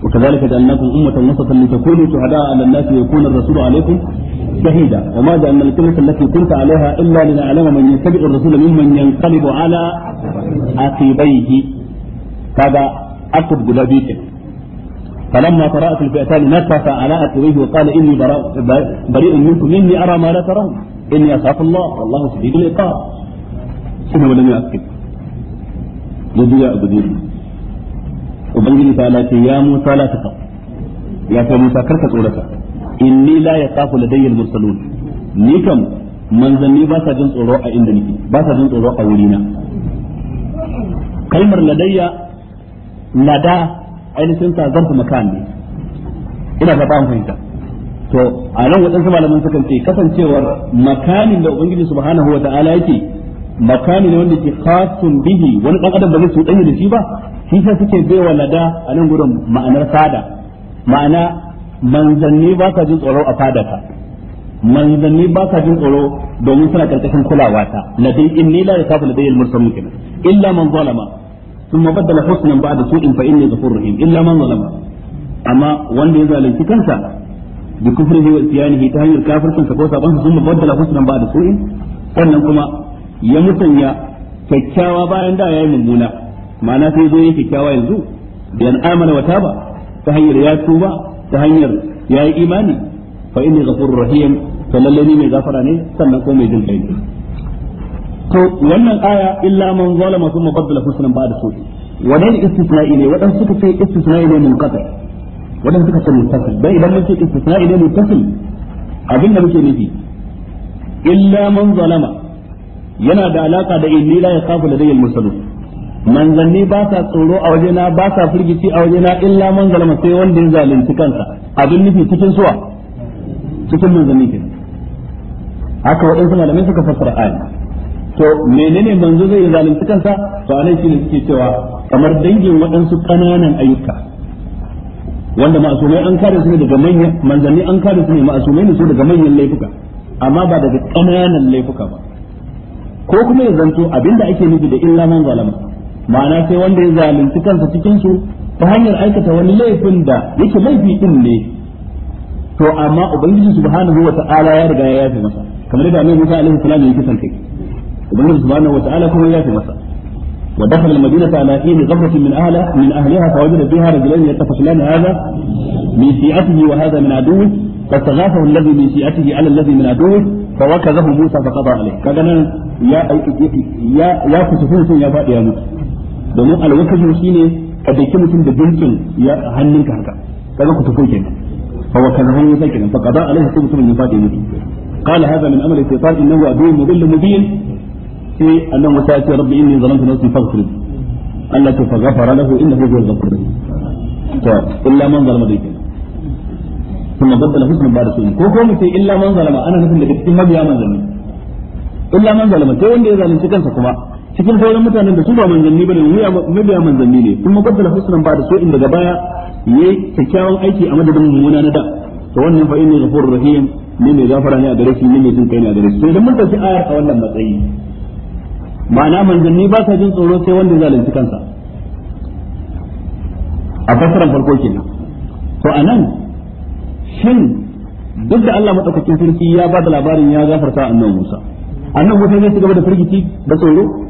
وكذلك جعلناكم أمة وسطا لتكونوا شهداء على الناس ويكون الرسول عليكم شهيدا وما جعلنا الكلمة التي كنت عليها إلا لنعلم من يتبع الرسول ممن ينقلب على عقبيه هذا أكد بلابيك فلما قرأت الفئتان نكف على عقبيه وقال إني بريء منكم إني أرى ما لا ترون إني أخاف الله والله شديد العقاب شنو ولم يؤكد أبو أبدين وبنجي تعالى يا موسى لا تخف يا موسى كركت ولك inni la ya yaqafu ladayya al-mursalun ni kam manzanni ba sa jin tsoro a inda nake ba sa jin tsoro a wurina kalmar ladayya lada ainihin ta zarfu makan ne ina fata an fahimta to a nan waɗansu malaman sukan ce kasancewar makanin da ubangiji subhanahu wata'ala yake makani ne wanda ke khasun bihi wani dan adam ba zai su da shi ba shi sa suke baiwa lada a nan gurin ma'anar sada ma'ana manzanni ba sa jin tsoro a fadata manzanni ba sa jin tsoro domin suna karkashin kulawa ta na ladai inni la yakafu ladai al-mursalun kenan illa man zalama thumma badala husnan ba'da su'in fa inni ghafurur rahim illa man zalama amma wanda ya zalunci kansa bi kufrihi wa isyanihi ta hanyar kafircin sa ko saban sa thumma badala husnan ba'da su'in wannan kuma ya musanya kyakkyawa bayan da yayi mummuna ma'ana sai zo yake kyakkyawa yanzu bi an amana wa taba ta hanyar ya tuba ta hanyar yayi imani fa inni ghafurur rahim to lalle ni mai gafara ne sannan ko mai jin kai to wannan aya illa man zalama thumma qaddala husnan ba'da su wannan istisna'i ne wadan suka ce istisna'i ne kafa wadan suka ce muttasil dan idan mun ce istisna'i ne muttasil abin da muke nufi illa man zalama yana da alaka da inni la yaqafu ladayil mursalun manzanni ba sa tsoro a waje na ba sa firgici a waje na illa man zalama sai wanda ya zalunci kansa abin nufi cikin suwa cikin manzanni ke haka waɗansu malamai suka fassara aya to menene manzo zai zalunci kansa to anan shine suke cewa kamar dangin waɗansu ƙananan ayyuka wanda ma'asumai an kare su ne daga manyan manzanni an kare su ne ma'asumai ne su daga manyan laifuka amma ba daga ƙananan laifuka ba ko kuma ya zanto abinda ake nufi da illa man zalama ma'ana sai wanda ya zalunci kansa cikin su ta hanyar aikata wani laifin da yake laifi din ne to amma ubangiji subhanahu wata'ala ya riga ya yafe masa kamar da annabi Musa alaihi salam ya kisan kai ubangiji subhanahu wata'ala kuma ya yafe masa ودخل المدينة على حين غفرة من أهلها من أهلها فوجد فيها رجلين يتخصمان هذا من شيعته وهذا من عدوه فاستغاثه الذي من شيعته على الذي من عدوه فوكزه موسى فقضى عليه كذا يا يا يا كسفين يا فادي يا موسى domin alwakashin shine a daki mutum da dinkin ya hannun ka haka kaga ku tafi kenan fa wa kana hanyar sai kenan fa qada alaihi sai mutum ya fadi mutu qala hadha min amali shaytan innahu aduwwun mudillun mubin sai annan wata ya ce rabbi inni zalamtu nafsi faghfir Allah ta faghfara lahu innahu huwal ghafur to illa man zalama dai kenan kuma baddala husnan ba da sunan ko ko mutai illa man zalama ana nufin da cikin mabiya man zalimi illa man zalama sai wanda ya zalunci kansa kuma cikin sauran mutanen da su ba manzanni ba mai mabiya manzanni ne kuma da husnan ba da so inda baya yi kyakkyawan aiki a madadin mummuna na da to wannan fa'in ne ghafurur rahim ne mai gafara ne a gare shi ne mai jin kai ne a gare shi to idan mun tafi ayar a wannan matsayi ma'ana manzanni ba sa jin tsoro sai wanda zalunci kansa a fasaran farko kenan to nan shin duk da Allah madaukakin sarki ya ba da labarin ya gafarta annabi Musa annabi Musa ne ya gaba da firgici da tsoro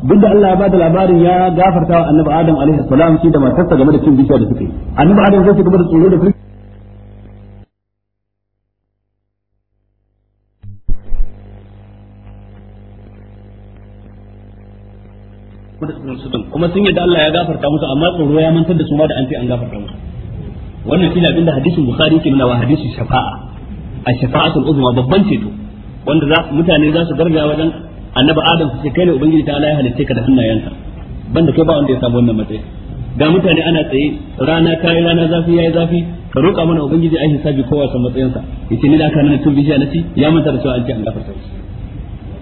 duk da Allah ya bada labarin ya gafarta wa annabi Adam alaihi salam shi da matarsa game da cin bishiya da suke annabi Adam sai shi gaba da tsoro da firki kuma sun yadda Allah ya gafarta musu amma tsoro ya mantar da su ma da an ce an gafarta musu wannan shine abin da hadisin bukhari ke nuna wa hadisin shafa'a a shafa'atul uzma babban ceto wanda mutane za su garga wajen annabi adam su ce kai ne ubangiji ta Allah ya halitta ka da hannayenka banda kai ba wanda ya samu wannan matsayi ga mutane ana tsaye rana ta yi rana zafi ya yi zafi ka roƙa mana ubangiji ai hisabi kowa san matsayinsa yace ni da aka nuna tun bishiya nace ya manta da cewa an ce an gafarta shi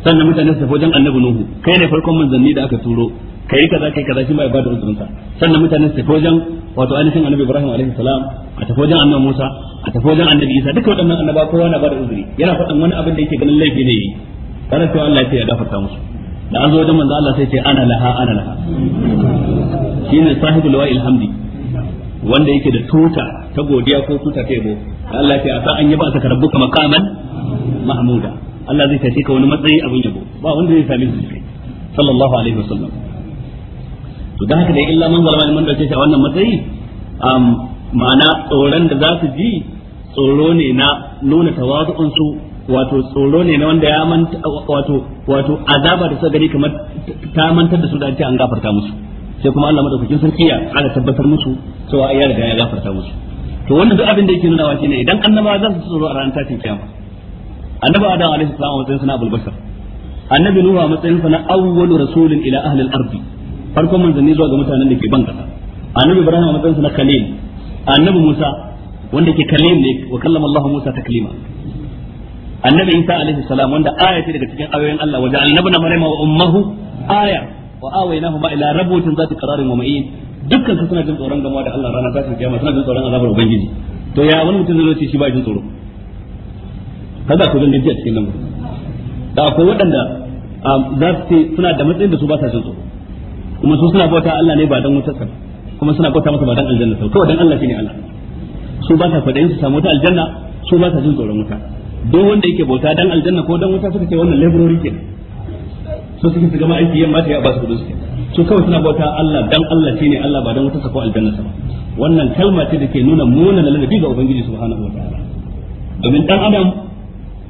sannan mutane su tafi wajen annabi nuhu kai ne farkon manzanni da aka turo kai kaza kai kaza shi ma ya bada uzurinsa sannan mutane su tafi wajen wato ainihin annabi ibrahim alaihi salam a tafi wajen annabi musa a tafi wajen annabi isa duka waɗannan annaba kowa na bada uzuri yana faɗan wani abin da yake ganin laifi ne yi kana cewa Allah ya ce ya gafarta musu da an zo wajen manzo Allah sai ce ana laha ana laha shine sahibul wa'il hamdi wanda yake da tuta ta godiya ko tuta ta yabo Allah ya ce a sa an yaba saka rabbuka maqaman mahmuda Allah zai tace ka wani matsayi abin yabo ba wanda zai same shi sallallahu alaihi wasallam to dan haka da illa man zalama man a wannan matsayi ma'ana tsoron da za su ji tsoro ne na nuna tawazu'un su wato tsoro ne na wanda ya manta wato wato azaba da sa gari kamar ta mantar da su da an ce an gafarta musu sai kuma Allah madaukakin sarki ya ala tabbatar musu cewa ya riga ya gafarta musu to wannan duk abin da yake nuna wa shine idan annaba za su tsoro a ranar tashin kiyama annabi adam alaihi salam a matsayin sana abul bashar annabi nuhu a matsayin sana awwalu rasulin ila ahli al-ard farkon manzanni zuwa ga mutanen da ke ban kasa annabi ibrahim a matsayin sana khalil annabi musa wanda ke kalim ne wa kallama Allah Musa taklima annabi isa alaihi salam wanda aya ce daga cikin ayoyin Allah wa ja'alna ibn maryama wa ummuhu aya wa awaynahuma ila rabbatin zati qararin wa ma'in dukkan su suna jin tsoron gamawa da Allah ranar tashin kiyama suna jin tsoron azabar ubangiji to ya wani mutum zai ce shi ba jin tsoro kada ku zan gaji a cikin nan da akwai waɗanda za su ce suna da matsayin da su ba sa jin tsoro kuma su suna bauta Allah ne ba dan wutar sa kuma suna bauta masa ba dan aljanna sau kawai dan Allah shine Allah su ba sa fadayin su samu wata aljanna su ba sa jin tsoron wuta duk wanda yake bauta dan aljanna ko dan wuta suka ce wannan laborori ke so suke su gama aiki yamma ta ya ba su kudin su kawai suna bauta Allah dan Allah shine Allah ba dan wuta sa ko aljanna sa wannan kalma ce da ke nuna munan ladabi ga ubangiji subhanahu wa ta'ala domin dan adam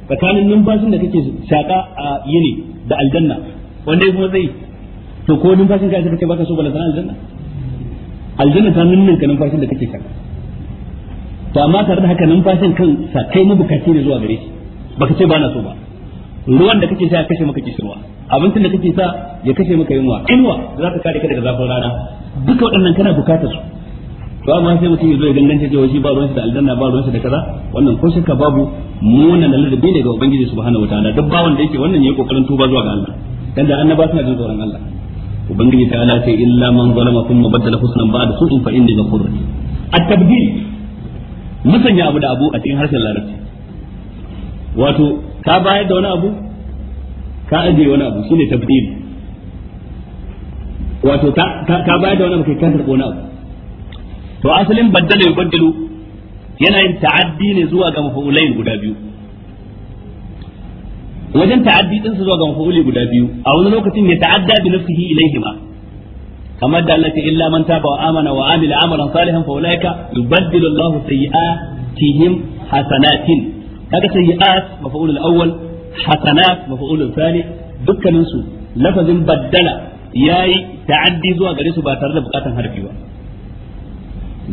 tsakanin numfashin da kake shaka a yini da aljanna wanda ya kuma zai to ko numfashin ka aka ce baka so bala aljanna aljanna ta nunnan ka numfashin da kake shaka to amma tare da haka numfashin kan sa kai mu bukaci ne zuwa gare shi baka ce ba na so ba ruwan da kake sa ya kashe maka kishirwa abincin da kake sa ya kashe maka yunwa inwa za ka kare ka daga zafin rana duka waɗannan kana bukatar su to amma sai mutum ya zo ya danganta cewa shi ba ruwansa da aljanna ba ruwansa da kaza wannan ko shi ka babu muna da ladabi ne ga ubangiji subhanahu wataala duk bawon da yake wannan yayi kokarin tuba zuwa ga Allah dan da annaba suna jin tsoron Allah ubangiji ta'ala sai illa man zalama thumma badala husnan ba'da su'in fa inni ghafurun at-tabdil musanya abu da abu a cikin harshen larabci wato ka bayar da wani abu ka aje wani abu shine tafdil wato ka bayar da wani abu kai ka karbo wani abu to asalin baddala ya baddalo, yana yin ta'addi ne zuwa ga mafaulain guda biyu wajen ta'addi din zuwa ga mafauli guda biyu a wani lokacin ya ta'adda bi nafsihi ilaihima kamar da Allah illa manta taba wa amana wa amila amalan salihan fa ulaika yubaddilu Allah sayyi'atihim hasanatin kaga sayyi'at maf'ul al-awwal hasanat maf'ul al-thani dukkanin su lafazin baddala yayi ta'addi zuwa gare su ba tare da bukatan harfi ba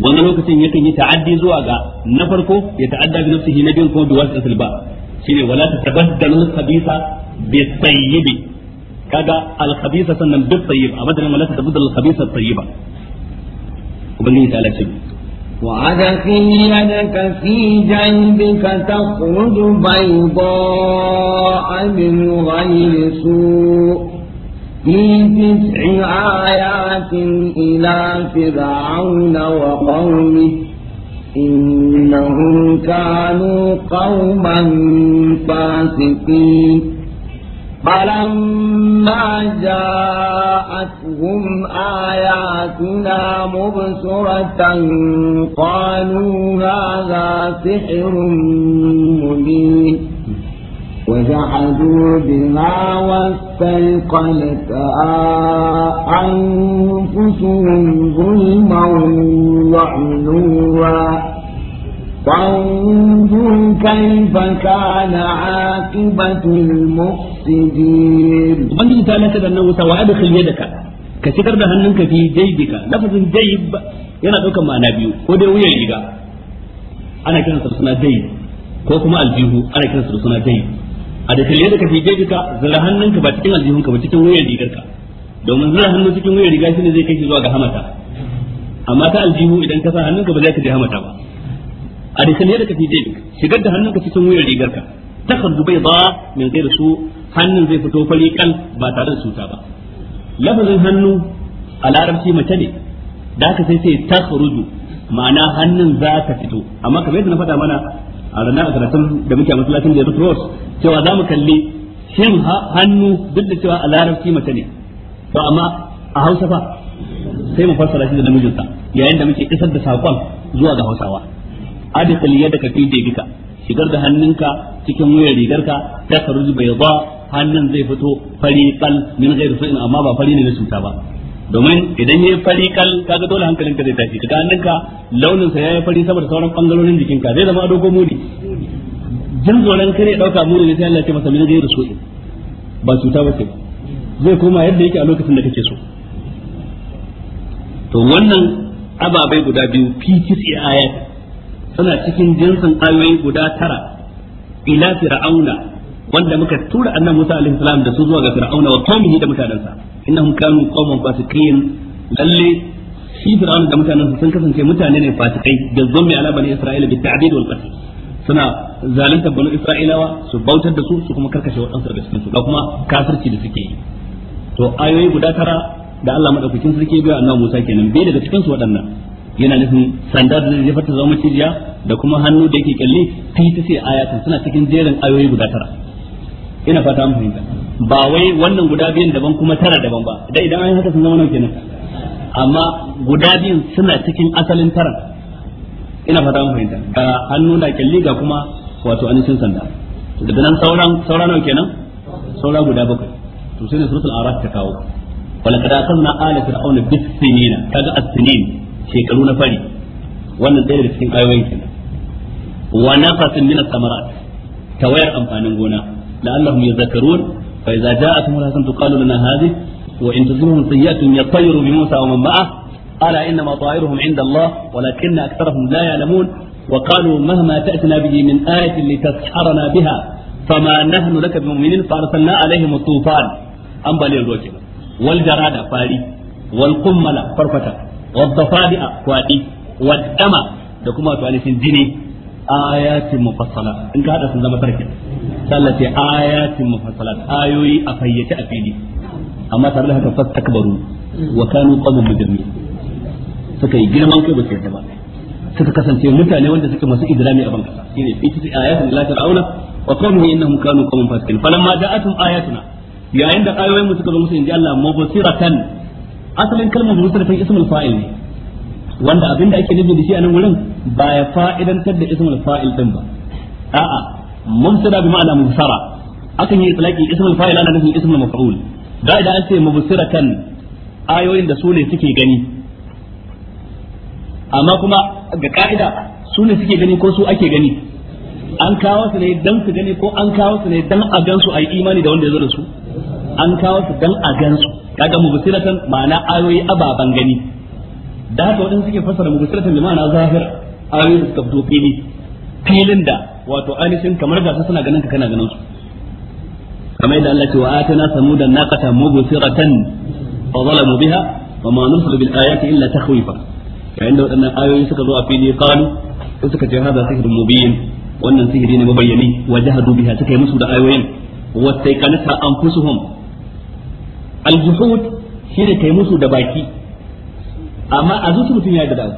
wani lokacin yakan yi ta'addi zuwa ga na farko ya ta'adda bi nafsihi na biyun kuma bi wasu ba shine wala tatabaddalu al-khabitha bi kaga al-khabisa sannan duk tayyib a madadin wala tabdul al-khabisa tayyiba ubangiji ta lace وأدخل يدك في جيبك تخرج بيضاء من غير سوء في تسع آيات إلى فرعون وقومه إنهم كانوا قوما فاسقين فلما جاءتهم آياتنا مبصرة قالوا هذا سحر مبين وجحدوا بها واستيقنتها أنفسهم ظلما وعلوا فانظر كيف كان عاقبة المخطئين ta مفسدين وبنجي تعالى كذا أنه وأدخل يدك ka shigar da hannunka fi jaybika lafazin jayb yana daukan ma'ana biyu ko dai wuyan riga ana kiran sa suna jayb ko kuma aljihu ana kiran sa suna jayb a da kalle da kafi jaybika zira hannunka ba cikin aljihunka ba cikin wuyan rigarka domin zira hannun cikin wuyan riga shine zai kai zuwa ga hamata amma ta aljihu idan ka sa hannunka ba zai kai hamata ba a da kalle da kafi jaybika shigar da hannunka cikin wuyan rigarka takhruju bayda min ghairi su hannun zai fito fari kal ba tare da cuta ba lafazin hannu a larabci mace ne da aka sai sai ta ma'ana hannun za ta fito amma kamar yadda na faɗa mana a ranar a karatun da muke a masallacin da Cross cewa za mu kalli shin hannu duk da cewa a larabci mace ne to amma a Hausa fa sai mu fassara shi da namijinsa yayin da muke isar da saƙon zuwa ga Hausawa yadda ka fi debika shigar da hannunka cikin wuyar rigarka ta saruji bai ba hannun zai fito fariqal min gairu su'in amma ba fari ne na cuta ba domin idan yayi fariqal kaga dole hankalinka zai tashi kaga hannunka launin sa yayi fari saboda sauran bangarorin jikinka zai zama dogon muni jin zoran kare dauka muni ne sai Allah ya ce masa min gairu su'in ba cuta ba ce zai koma yadda yake a lokacin da kake so to wannan ababai guda biyu fi tisi ayat suna cikin jinsin ayoyi guda tara ila fir'auna wanda muka tura annan Musa alaihi salam da su zuwa ga Fir'auna wa qaumihi da mutanansa innahum kanu qauman fasiqin lalle shi Fir'auna da mutanansa sun kasance mutane ne fasikai da zommi ala bani Isra'ila bi ta'did wal qatl suna zalunta bani Isra'ilawa su bautar da su su kuma karkashe waɗansu daga cikin su da kuma kafirci da suke yi to ayoyi guda tara da Allah madaukakin sarki biya annabi Musa kenan bai daga cikin su waɗannan yana nufin sanda da zai fata zama macijiya da kuma hannu da yake kyalle kai ta ayatan suna cikin jerin ayoyi guda tara ina fata mu fahimta ba wai wannan guda biyan daban kuma tara daban ba dai idan an haka sun zama nan kenan amma guda biyan suna cikin asalin tara ina fata mu fahimta ga hannu da kyalli ga kuma wato sun sanda da. nan sauran sauran nan kenan saura guda bakwai to sai ne suratul araf ta kawo walaqad akhadna ala fir'auna bis-sinina kaga as-sinin shekaru na fari wannan ɗaya da cikin ayoyin kenan wa nafasin min as-samarat tawayar amfanin gona la'allahum yadhakkarun fa idza ja'atuhum hasanatu qalu lana hadhihi wa in tuzumhum sayyi'atun Musa wa man ma'ah ala inna ma ta'iruhum 'inda Allah walakinna aktharahum min ayatin litasharana biha fama nahnu laka bimu'minin fa arsalna alaihim tufan fari wal farfata wal dafadi'a kwadi da kuma jini in ka hada sun zama sallah ce ayatin mufassalat ayoyi a fayyace a fili amma tare da haka fas fastakbaru wa kanu qawmun mujrimin suka yi girman kai ba su yarda ba suka kasance mutane wanda suke masu idrami a banka shine fi tisi ayatin la fir'auna wa qawmihi innahum kanu qawman fasiqin falamma ja'atuhum ayatuna yayin da ayoyin mu suka zo musu inji Allah mubsiratan asalin kalmar mubsiratan ismul fa'il ne wanda abinda ake nufi da shi a nan wurin ba ya fa'idantar da ismul fa'il din ba a'a mubsira بمعنى ma'ana mubsara akan yi itlaqi ismul fa'il ana nufin ismul maf'ul da idan an ce mubsiratan ayoyin da su ne suke gani amma kuma ga ka'ida su ne suke gani ko su ake gani an kawo su ne dan su gani ko an kawo su ne dan a gansu a yi imani da wanda ya zo da su an kawo su dan a gansu kaga mubsiratan ma'ana ayoyi ababan gani da haka wadanda suke fassara mubsiratan bi ma'ana zahir ayoyi da suka fili filin da wato ainihin kamar gasa suna ganin ka kana ganin su kamar yadda Allah ce wa atana samudan naqata mubsiratan fa zalamu biha wa ma nursilu bil ayati illa takhwifa yayin da waɗannan ayoyi suka zo a fili qalu sai suka ce hada sihrun mubin wannan sihiri ne mabayyani wa jahadu biha suka yi musu da ayoyin wa taykanata anfusuhum al-juhud shine kai musu da baki amma a zuci mutum ya da dawo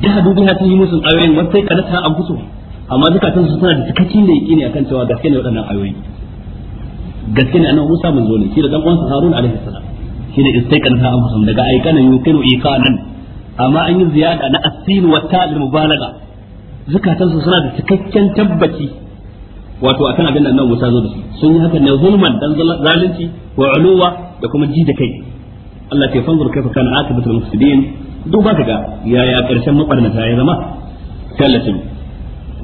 jahadu biha sun yi musu ayoyin wa taykanata anfusuhum amma zukatan su suna da cikakken da yake akan cewa gaske ne waɗannan ayoyi gaske ne annabi Musa manzo ne shi da dan uwansa Harun alaihi salam shi ne ta anfusum daga aikana yukinu iqanan amma an yi ziyada na asil wa ta'al mubalaga zukatan su suna da cikakken tabbaci wato akan abin da annabi Musa zo da shi sun yi haka ne zulman dan zalunci wa uluwa da kuma ji da kai Allah ta fanzur kaifa kana akibatul mufsidin duba kaga yaya karshen mabarnata ya zama sallatin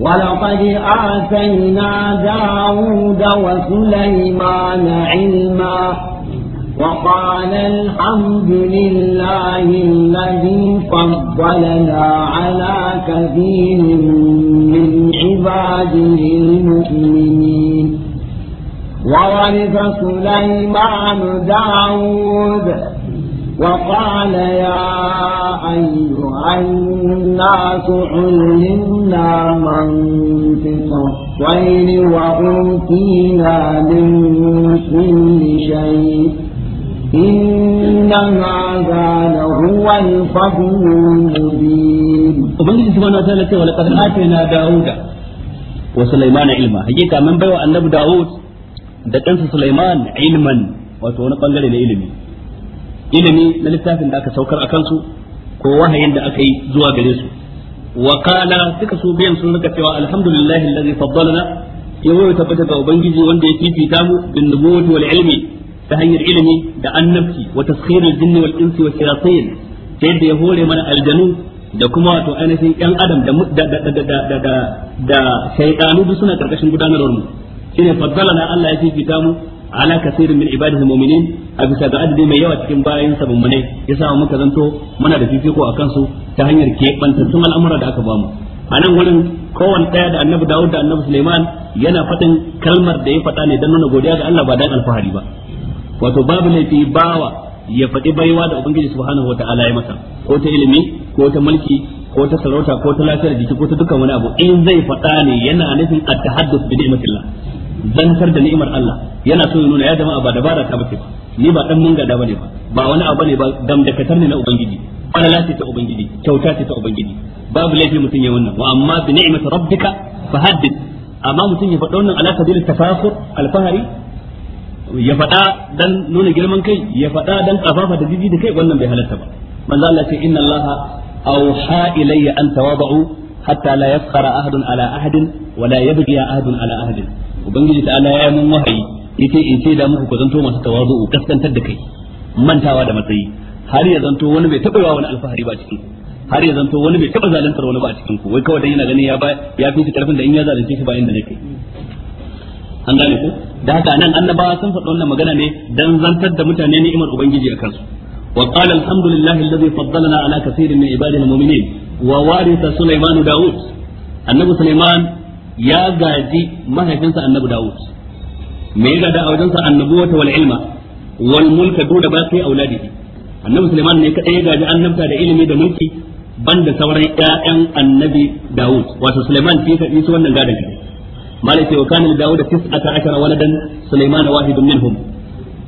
ولقد آتينا داود وسليمان علما وقال الحمد لله الذي فضلنا على كثير من عباده المؤمنين وورث سليمان داود وقال يا أيها الناس علمنا منطق الطير وأوتينا من كل شيء إن هذا لهو الفضل المبين وبنجد سبحانه وتعالى ولقد آتينا داود وسليمان علما حقيقة من بيوى النبي داود da ɗansa Sulaiman ilman wato wani bangare na ilimi ilimi na littafin da aka saukar a kansu ko wahayin da aka yi zuwa gare su wa kana duka su biyan sun rika cewa alhamdulillahi allazi faddalana yau ya tabbata ga ubangiji wanda ya fifita mu bin nubuwati wal ilmi ta hanyar ilimi da annabci wa taskhirul jinni wal insi wa shiratin sai da ya hore mana aljanu da kuma wato ainihin yan adam da da da da da da duk suna karkashin gudanarwar mu shine faddalana Allah ya fifita mu ala kasirin min ibadihi mu'minin a bisa ga adadi mai yawa cikin bayan sa mummune yasa muka zanto muna da fifiko akan su ta hanyar keɓantattun al'amura da aka bamu a nan wurin kowanne ɗaya da annabi dawud da annabi suleiman yana faɗin kalmar da ya faɗa ne don nuna godiya ga allah ba dan alfahari ba wato babu laifi bawa ya faɗi baiwa da ubangiji subhanahu wataala ya masa ko ta ilimi ko ta mulki ko ta sarauta ko ta lafiyar jiki ko ta dukkan wani abu in zai faɗa ne yana nufin at tahaddus bi ni'matillah zantar da ni'imar Allah yana so ya nuna ya jama'a ba dabara ta bace ba ni ba dan mun gada bane ba ba wani abu ne ba gamdakatar ne na ubangiji falala lati ta ubangiji kyauta ce ta ubangiji babu laifi mutum ya wannan wa amma bi ni'mati rabbika fahaddith amma mutum ya faɗa wannan ala sabilil tafakhur alfahari ya faɗa dan nuna girman kai ya faɗa dan kafafa da jiji da kai wannan bai halatta ba manzo Allah ce inna Allah awha ilayya an tawadu hatta ya yi in ce da muku ku zanto masu kaskantar da kai mantawa da matsayi har ya zanto wani bai yawa wani alfahari ba cikin har ya zanto wani bai wani ba a cikin ku wai kawai dan yana ganin ya ba ya fi shi karfin da in ya zalunce shi ba inda an gane ku da haka nan annabawa sun wannan magana ne dan zantar da mutane ni'imar ubangiji a kansu wa qala alhamdulillahi alladhi faddalana ala kaseerin min ibadihi almu'minin wa warisa Sulaiman Dawud annabi Sulaiman ya gaji mahaifinsa annabi Dawud me ya gada a wajensa annabuwata wal ilma wal mulka duda ba sai auladihi annabi Sulaiman ne kadai ya gaji annabta da ilimi da mulki banda sauran ƴaƴan annabi Dawud wato Sulaiman shi ka su wannan gadan shi malai wa kana Dawud 19 waladan Sulaiman wahidun minhum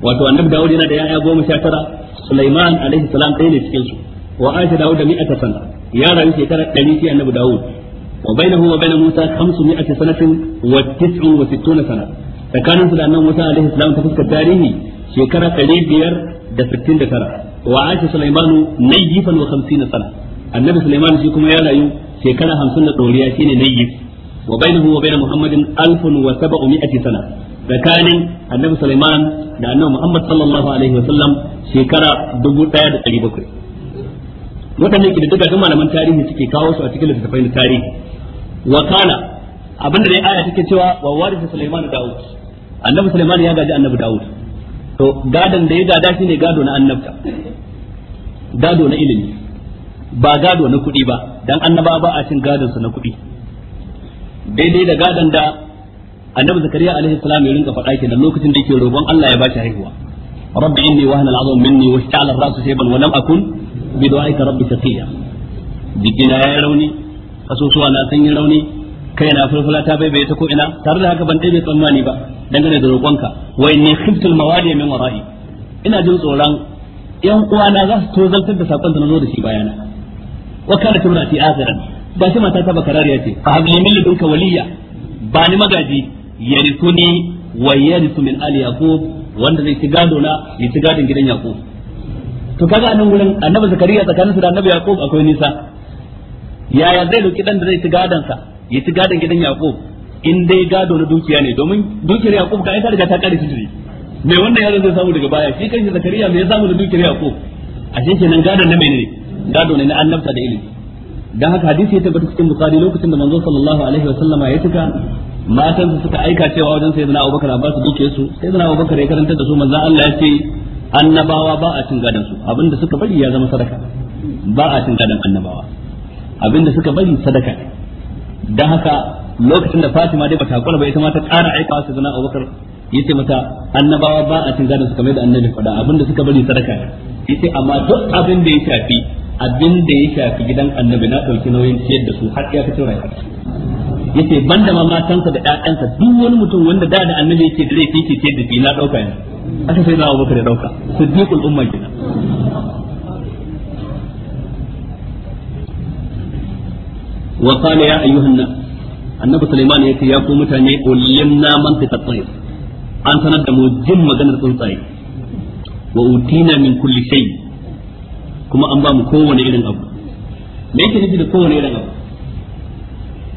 wato annabi Dawud yana da ƴaƴa 19 Sulaiman alaihi salam ɗaya ne cikin su wa sana ya rayu shekarar 100 shi annabi Dawud wa bainahu wa bain Musa sanatin wa 69 sana tsakanin su da annabi Musa alaihi salam ta fuskar tarihi shekara wa aisha Sulaimanu nayyifan wa sana annabi Sulaiman shi kuma ya rayu shekara 50 da doriya nayyif wa bainahu wa bain Muhammadin sana tsakanin annabi Sulaiman da annabi Muhammad sallallahu alaihi shekara da kididdiga duk malaman tarihi suke kawo su a cikin littattafai na tarihi wa kana abinda ne aya take cewa wa warisa Sulaiman daud annabi Sulaiman ya gaji annabi daud to gadon da ya gada shine gado na annabta gado na ilimi ba gado na kuɗi ba dan annaba ba a cin gadon su na kuɗi daidai da gadon da annabi Zakariya alaihi salam ya rinka faɗa kenan lokacin da yake roƙon Allah ya bashi haihuwa رب إني وهن العظم مني واشتعل الرأس شيبا ولم أكن بدعائك رب شقيا jikina ya rauni kasusuwa na sun rauni kai na fulfula ta bai bai ta ko'ina. ina tare da haka ban dai bai tsammani ba dangane da roƙonka wa inni khiftul mawadi min wara'i ina jin tsoron yan uwana za su tozaltar da sakon da nazo da shi bayana wa kana timrati akhiran ba shi mata ta bakarariya ce A habli min ladunka waliya ba ni magaji yarisuni wa yarisu min ali yaqub wanda zai ci gado na ya ci gadon gidan yaqub to kaga anan gurin annabi zakariya su da annabi yaqub akwai nisa yaya zai ɗauki dan da zai ci gadon sa ya ci gadon gidan yaqub in dai gado na dukiya ne domin dukiyar yaqub ka ita riga ta kare fitri me wannan yaron zai samu daga baya shi kanshi zakariya me ya samu da dukiyar a shi kenan gadon na menene gado ne na annabta da ilimi dan haka hadisi ya tabbata cikin bukhari lokacin da manzo sallallahu alaihi wa sallama ya tuka matan su suka aika cewa wajen sayyidina Abubakar a ba su duke su sayyidina Abubakar ya karanta da su manzon Allah ya ce annabawa ba a cin gadon su abinda suka bari ya zama sadaka ba a cin gadon annabawa abinda suka bari sadaka dan haka lokacin da Fatima dai bata kula ba ita ma ta ƙara aika su zana Abubakar yace mata annabawa ba a cin gadon su kamar da annabi faɗa abinda suka bari sadaka yace amma duk abin da ya shafi abin da ya shafi gidan annabi na dauki nauyin ciyar da su har ya fitin rayuwa yace banda ma matansa da ƴaƴansa duk wani mutum wanda da da annabi yake da laifi yake ce da shi na dauka ne aka sai da Abu Bakar ya dauka siddiqul umma kenan wa qala ya ayyuhan nas annabi Sulaiman yace ya ku mutane ulimna man tatayyib an sanar da mu jin maganar tsuntsaye wa utina min kulli shay kuma an ba mu kowane irin abu me yake nufi da kowane irin abu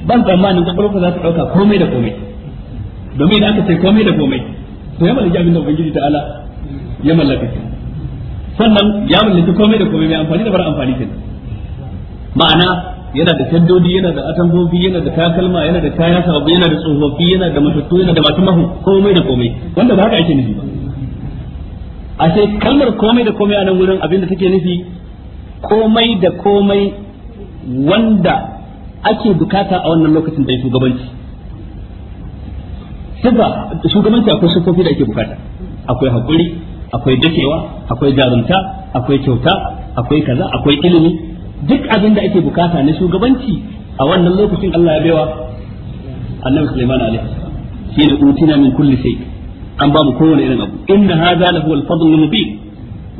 ban tsammanin kwakwalwarka za ta ɗauka komai da komai domin idan aka ce komai da komai to ya mallaki abin da ubangiji Ala ya mallaki sannan ya mallaki komai da komai mai amfani da bar amfani ke ma'ana yana da tandodi yana da atambobi yana da takalma yana da kaya sababu yana da tsofaffi yana da matattu yana da masu mahu komai da komai wanda ba haka ake nufi ba A sai kalmar komai da komai a nan wurin abin da take nufi komai da komai wanda ake bukata a wannan lokacin da ya shugabanci sifa shugabanci akwai sifofi da ake bukata akwai hakuri akwai dakewa akwai jarumta akwai kyauta akwai kaza akwai ilimi duk abin da ake bukata na shugabanci a wannan lokacin Allah ya baiwa annabi Sulaiman alaihi shi ne utina min kulli shay an ba mu kowane irin abu inna hadha lahu al-fadl mubin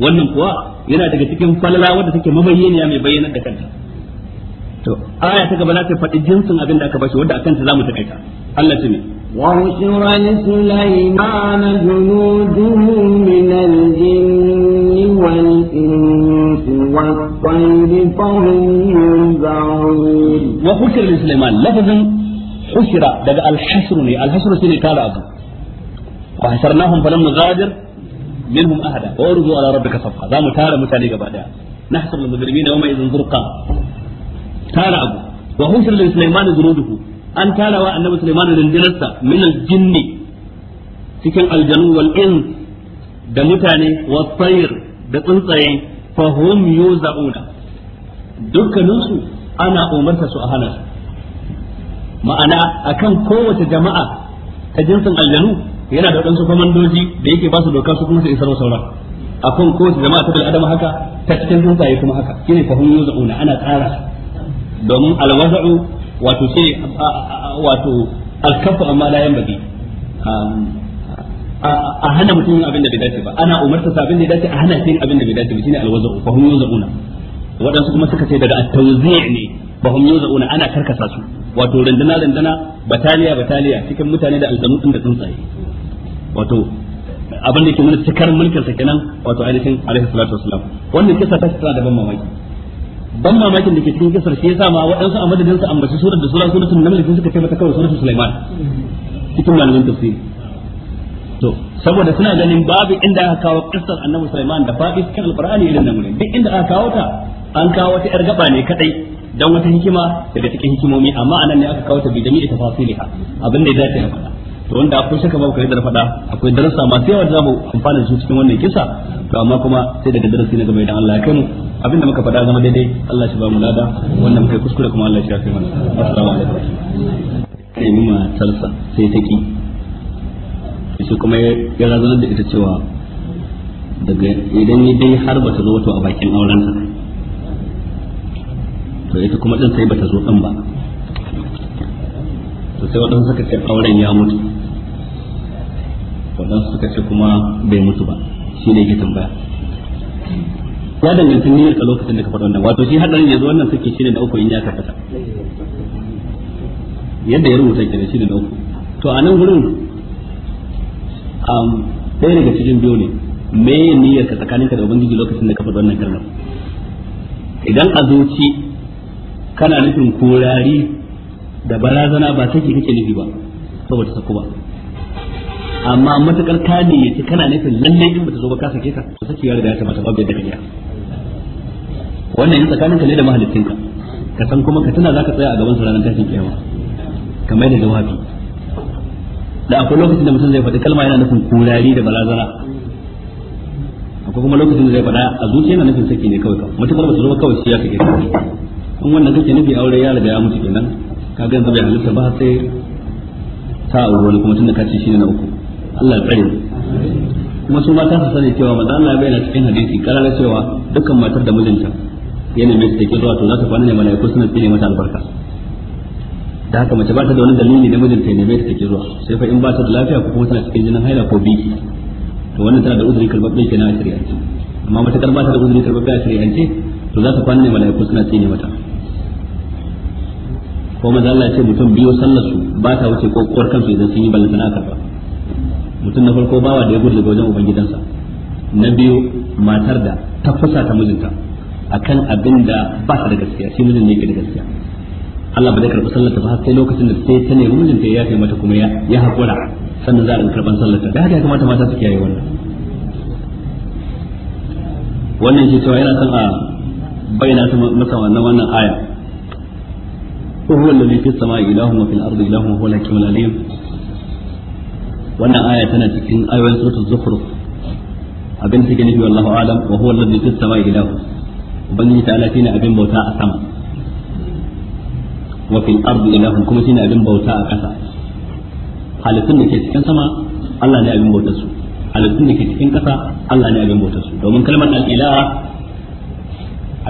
wannan kuwa yana daga cikin falala wanda take mabayyaniya mai bayyana da kanta to aya ta gaba na ta faɗi jinsin abin da aka bashi wanda akan ta zamu takaita Allah ta ne wa usira sulaiman junuduhu min al-jinni wal insi wa tayri fahum yuzawun wa usira sulaiman lafazin usira daga al-hasr ne al-hasr shine tara abu wa hasarnahum falam nuzadir minhum ahada wa urdu ala rabbika safqa zamu tara mutane gaba daya nahsul mujrimina yawma idhin zurqa tara abu wa hushira li sulaiman junuduhu an tara wa annabi sulaiman rindinarsa min al-jinni cikin aljanu wal ins da mutane wa tsayir da tsuntsaye fa hum yuzauna dukkaninsu ana umarta su a hana su ma'ana akan kowace jama'a ta jinsin aljanu yana da waɗansu kwamandoji da yake ba su doka su kuma su isar sauran akan kowace jama'a ta bil adama haka ta cikin tsuntsaye kuma haka shine fa hum yuzauna ana tsara domin alwaza'u wato sai wato alkafu amma la yanbaghi a hana mutum abin da bai dace ba ana umarta sa abin da dace a hana shi abin da bai dace ba shine alwaza'u fa hum yuzauna waɗansu kuma suka ce daga at-tawzi' ne fa hum yuzauna ana karkasa su wato rundana rundana bataliya bataliya cikin mutane da aljamu din da tsuntsaye wato abin da ke mana cikar mulkin sa kenan wato ainihin alaihi salatu wassalam wannan kisa ta tsara da ban mamaki ban mamakin da ke cikin kisar shi yasa ma waɗansu a madadin su ambaci surar da sura suratul naml sai suka kai mata kawai suratul sulaiman cikin malamin tafsiri to saboda suna ganin babu inda aka kawo kissar annabi sulaiman da babu cikin alqur'ani irin nan duk inda aka kawo ta an kawo ta yar gaba ne kadai dan wata hikima daga cikin hikimomi amma anan ne aka kawo ta bi jami'i tafasiliha abin da ya dace a faɗa to wanda akwai shaka babu kai da fada akwai darasa masu yawa da zamu amfana da su cikin wannan kisa to amma kuma sai daga darasi na gaba idan Allah ya kai mu abinda muka faɗa zama daidai Allah shi ba mu lada wannan muka kuskure kuma Allah shi ya kai mana assalamu alaikum sai mun matarsa sai ta ki shi kuma ya razanar da ita cewa daga idan ni dai har bata zo to a bakin auren to ita kuma din sai bata zo din ba to sai wadansu suka ce auren ya mutu waɗansu suka ce kuma bai mutu ba shi ne yake tambaya ya danganci niyyar ka lokacin da ka faɗa wannan wato shi hadarin yanzu wannan suke shi ne da uku in ya karkata yadda ya rubuta da shi ne da uku to a nan gurin ɗaya daga cikin biyu ne me niyyar ka tsakaninka da ubangiji lokacin da ka faɗa wannan kalmar idan a zuci kana nufin korari da barazana ba take kake nufi ba saboda sako ba amma matukar ka ne yace kana nufin lalle in bata zo ba ka sake ta to sake ya riga ya kamata babu yadda ka iya wannan yin tsakanin ka ne da mahaliccinka ka san kuma ka tana zaka tsaya a gaban ranar tashin kiyama kamar da jawabi da akwai lokacin da mutum zai faɗi kalma yana nufin kurari da balazara akwai kuma lokacin da zai faɗa a zuciya yana nufin saki ne kawai matukar bata zo ba kawai siya ya kake saki in wannan kake nufi aure ya riga ya mutu kenan ka ga yanzu bai halitta ba sai ta a wani kuma tunda ka ce shi ne na uku Allah ya kuma su mata su sani cewa manzo Allah ya bayyana cikin hadisi karara cewa dukkan matar da mijinta yana mai take zuwa to za ta kwana ne malaiku suna tsine mata albarka da haka mace ba ta da wani dalili da mijinta ya neme ta take zuwa sai fa in ba ta da lafiya ko kuma tana cikin jinin haila ko biki to wannan tana da uzuri karbabbe ke na shari'ance amma mace kar ba ta da uzuri karbabbe a shari'ance to za ta kwana ne malaiku suna tsine mata ko maza Allah ya ce mutum biyo sallar su ba ta wuce kokowar kansu idan sun yi ballantana a ba. mutum na farko bawa da ya gudu daga wajen ubangidansa na biyu matar da ta fusa ta mijinta akan abin da ba ta da gaskiya shi mijin ne yake da gaskiya Allah ba zai karɓi sallarta ba sai lokacin da sai ta nemi mijinta ya yafe mata kuma ya haƙura sannan za a karɓan sallarta da haka ya kamata mata su kiyaye wannan wannan shi cewa yana son a bayyana ta masa wannan wannan aya وهو الذي في السماء إله وفي الأرض إله وهو الحكيم العليم wannan aya tana cikin ayoyin suratul zukhruf abin take nufi wallahu alam wa huwa alladhi fis samai ilahu ubangiji ta'ala shine abin bauta a sama wa fil ardi ilahun kuma shine abin bauta a ƙasa halittun da ke cikin sama Allah ne abin bautar su halittun da ke cikin ƙasa Allah ne abin bautar su domin kalmar al-ilaha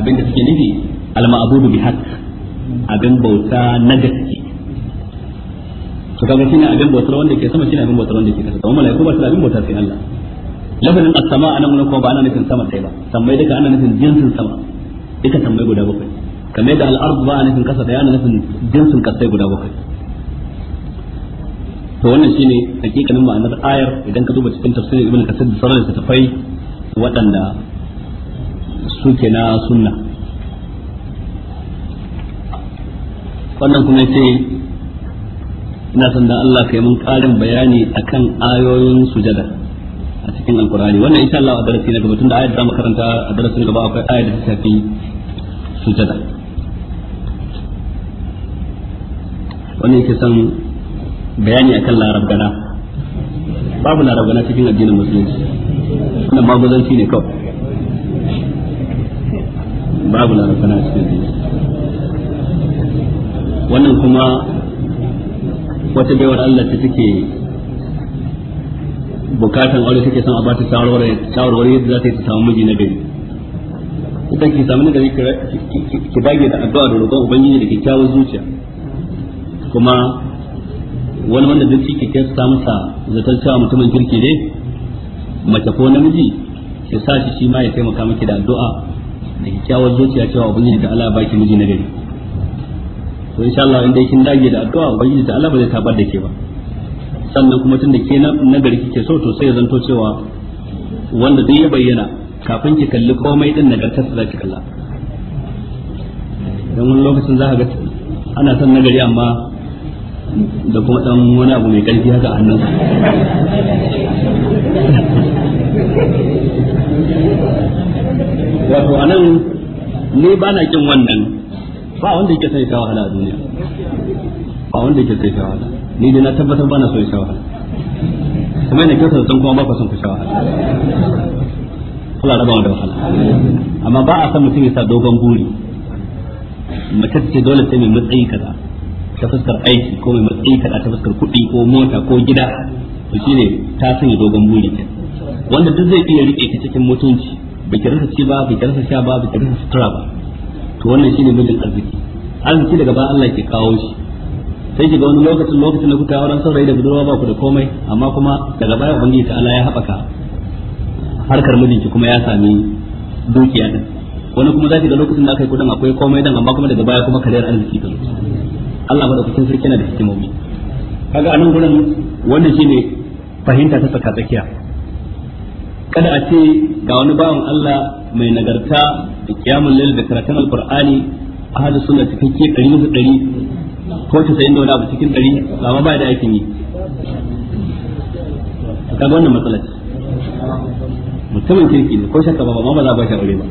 abin da take nufi al-ma'budu bi haqq abin bauta na gaske to kaga shine abin bautar wanda ke sama shine abin bautar wanda ke kasa kuma malaiku ba su abin bautar sai Allah lafazin as-sama anan mun kuma ba ana nufin sama sai ba sammai duka ana nufin jinsin sama duka sammai guda bakwai kamar yadda al-ard ba ana nufin kasa da ana nufin jinsin kasai guda bakwai to wannan shine hakikanin ma'anar ayar idan ka duba cikin tafsirin ibn kasir da fai tafai waɗanda suke na sunna wannan kuma sai ina son dan Allah kai mun karin bayani akan ayoyin sujada a cikin alkurani wannan insha Allah a darasi na gaba tunda ayat da makaranta a darasin gaba akwai ayat da ta shafi sujada wannan yake son bayani akan larabgana babu larabgana cikin addinin musulunci wannan maguzanci ne kawai babu larabgana cikin addinin wannan kuma wata baiwar Allah ta take bukatan aure take son a ba ta shawarwari yadda za ta yi ta samu miji na gari idan ki samu nagari ki dage da addu'a da roƙon ubangiji da kyakkyawar zuciya kuma wani wanda duk kike ke sa masa zaton cewa mutumin kirki ne mace ko namiji ki sa shi shi ma ya taimaka miki da addu'a da kyakkyawar zuciya cewa ubangiji da Allah ya baki miji na gari to insha Allah inda kin dage da addu'a ubangiji ta Allah ba zai tabar da ke ba sannan kuma tunda ke na gari kike so to sai ya zanto cewa wanda duk ya bayyana kafin ki kalli komai din nagartar za ki kalla dan wani lokacin za ka ga ana son nagari amma da kuma dan wani abu mai karfi haka a hannunsa wato anan ni ba na kin wannan ba wanda yake sai ta wahala a duniya ba wanda yake sai ta wahala ni dai na tabbatar bana so ya sha wahala kuma ina kyautar san kuma ba ku son ku sha wahala Allah raba da wahala amma ba a san mutum ya sa dogon buri mace ce dole sai mai matsayi kaza ta fuskar aiki ko mai matsayi kaza ta fuskar kuɗi ko mota ko gida to shine ta sanya dogon buri wanda duk zai iya rike ta cikin mutunci bai kirasa ci ba bai kirasa sha ba bai rasa sutura ba to wannan shine mijin arziki arziki daga ba Allah ke kawo shi sai ki ga wani lokacin lokacin da kuka auren saurayi da budurwa ba ku da komai amma kuma daga baya ubangiji ta Allah ya haɓaka harkar mijinki kuma ya sami dukiya din wani kuma zaki ga lokacin da kai kudin akwai komai dan amma kuma daga baya kuma kariyar arziki ta zo Allah madaukakin sarki yana da hikimomi kaga anan gurin wannan shine fahimta ta tsaka tsakiya kada a ce ga wani bawan Allah mai nagarta قيام الليل layl da karatun alqur'ani ahadu sunna cikakke ɗari musu ɗari ko ta sayin da wani abu cikin ɗari amma ba wannan matsala mutumin kirki ne ko shakka ba ma ba za ba shi aure ba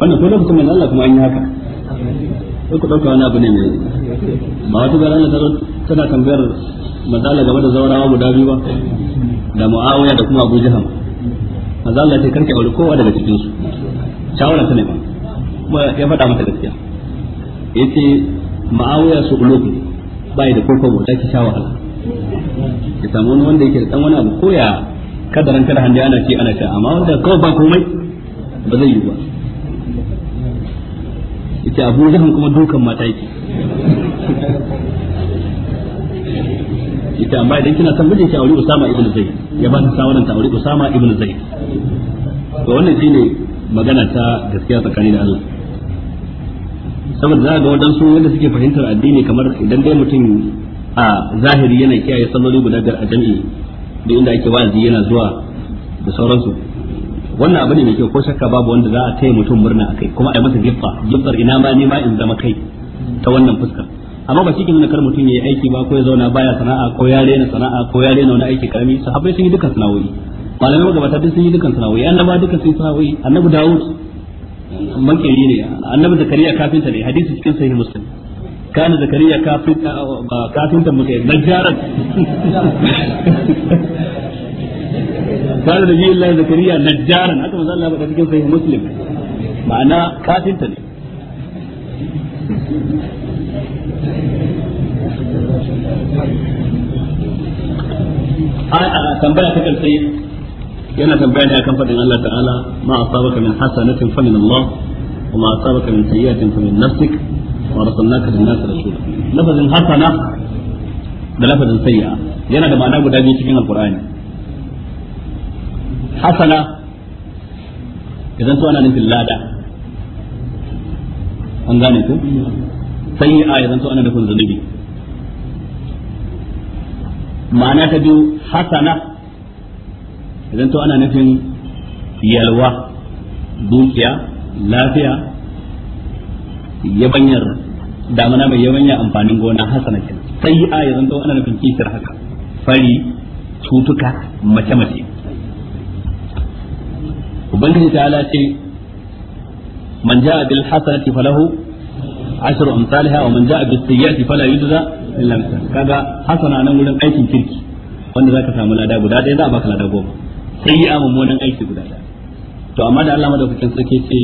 wannan ko lokacin manzo Allah kuma an yi haka sai ku ɗauka wani abu ne mai ba wata da Allah tana tambayar mazala game da zaurawa guda biyu ba da mu'awiya da kuma abu jaham mazala ce karki aure kowa daga cikin su shawara ta ne ba kuma ya faɗa mata gaskiya ce ma'awiya su ulubu bai da kofar wata ki sha wahala ya samu wani wanda yake da ɗan wani abu koya kadaran kada hande ana ce ana sha amma wanda kawai ba komai ba zai yi ba ya ce Abu Jahan kuma dukan mata yake ita amma idan kina son mijinki aure Usama ibn Zaid ya ba ta sawaran ta aure Usama ibn Zaid to wannan shine magana ta gaskiya tsakanin da Allah saboda za ga wadansu wanda suke fahimtar addini kamar idan dai mutum a zahiri yana kiyaye salloli guda biyar a jami'i da inda ake wazi yana zuwa da sauransu wannan abu ne mai kyau ko shakka babu wanda za a taya mutum murna a kai kuma a yi masa gifta giftar ina ma ni ma in zama kai ta wannan fuskar amma ba cikin kar mutum ya yi aiki ba ko ya zauna baya sana'a ko ya rena sana'a ko ya rena wani aiki karami sahabbai sun yi duka sana'o'i malamai magabata duk sun yi dukan sanawoyi annaba duka sun yi sanawoyi annabi dawud mankiri ne annabi zakariya kafinta ne hadisi cikin sahih muslim kana zakariya kafinta ba kafinta muke najjaran kana da biyu Allah zakariya najjaran haka manzo Allah ba cikin sahih muslim ma'ana kafinta ne a tambaya ta karshe yana tambaya ne akan fadin Allah ta'ala ma asabaka min hasanatin fa min Allah wa ma asabaka min sayyi'atin fa min nafsik wa arsalnaka lin-nasi rasula lafazin hasana da lafazin sayyi'a yana da ma'ana guda biyu cikin alqur'ani hasana idan to ana nufin lada an gane ku sayyi'a idan to ana nufin zunubi ma'ana ta biyu hasana idan to ana nufin yalwa dukiya lafiya yabanyar damana mai yabanya amfanin gona hasana kenan sai a yanzu to ana nufin kisar haka fari cutuka mace mace ubangiji ta ala ce man ja'a bil hasanati falahu ashru amsalha wa man ja'a bis sayyi'ati fala yudza illa kaga hasana nan gurin aikin kirki wanda zaka samu lada guda ɗaya za a baka lada goma sayyi'a mummunan aiki guda daya to amma da Allah madaukakin sarki ce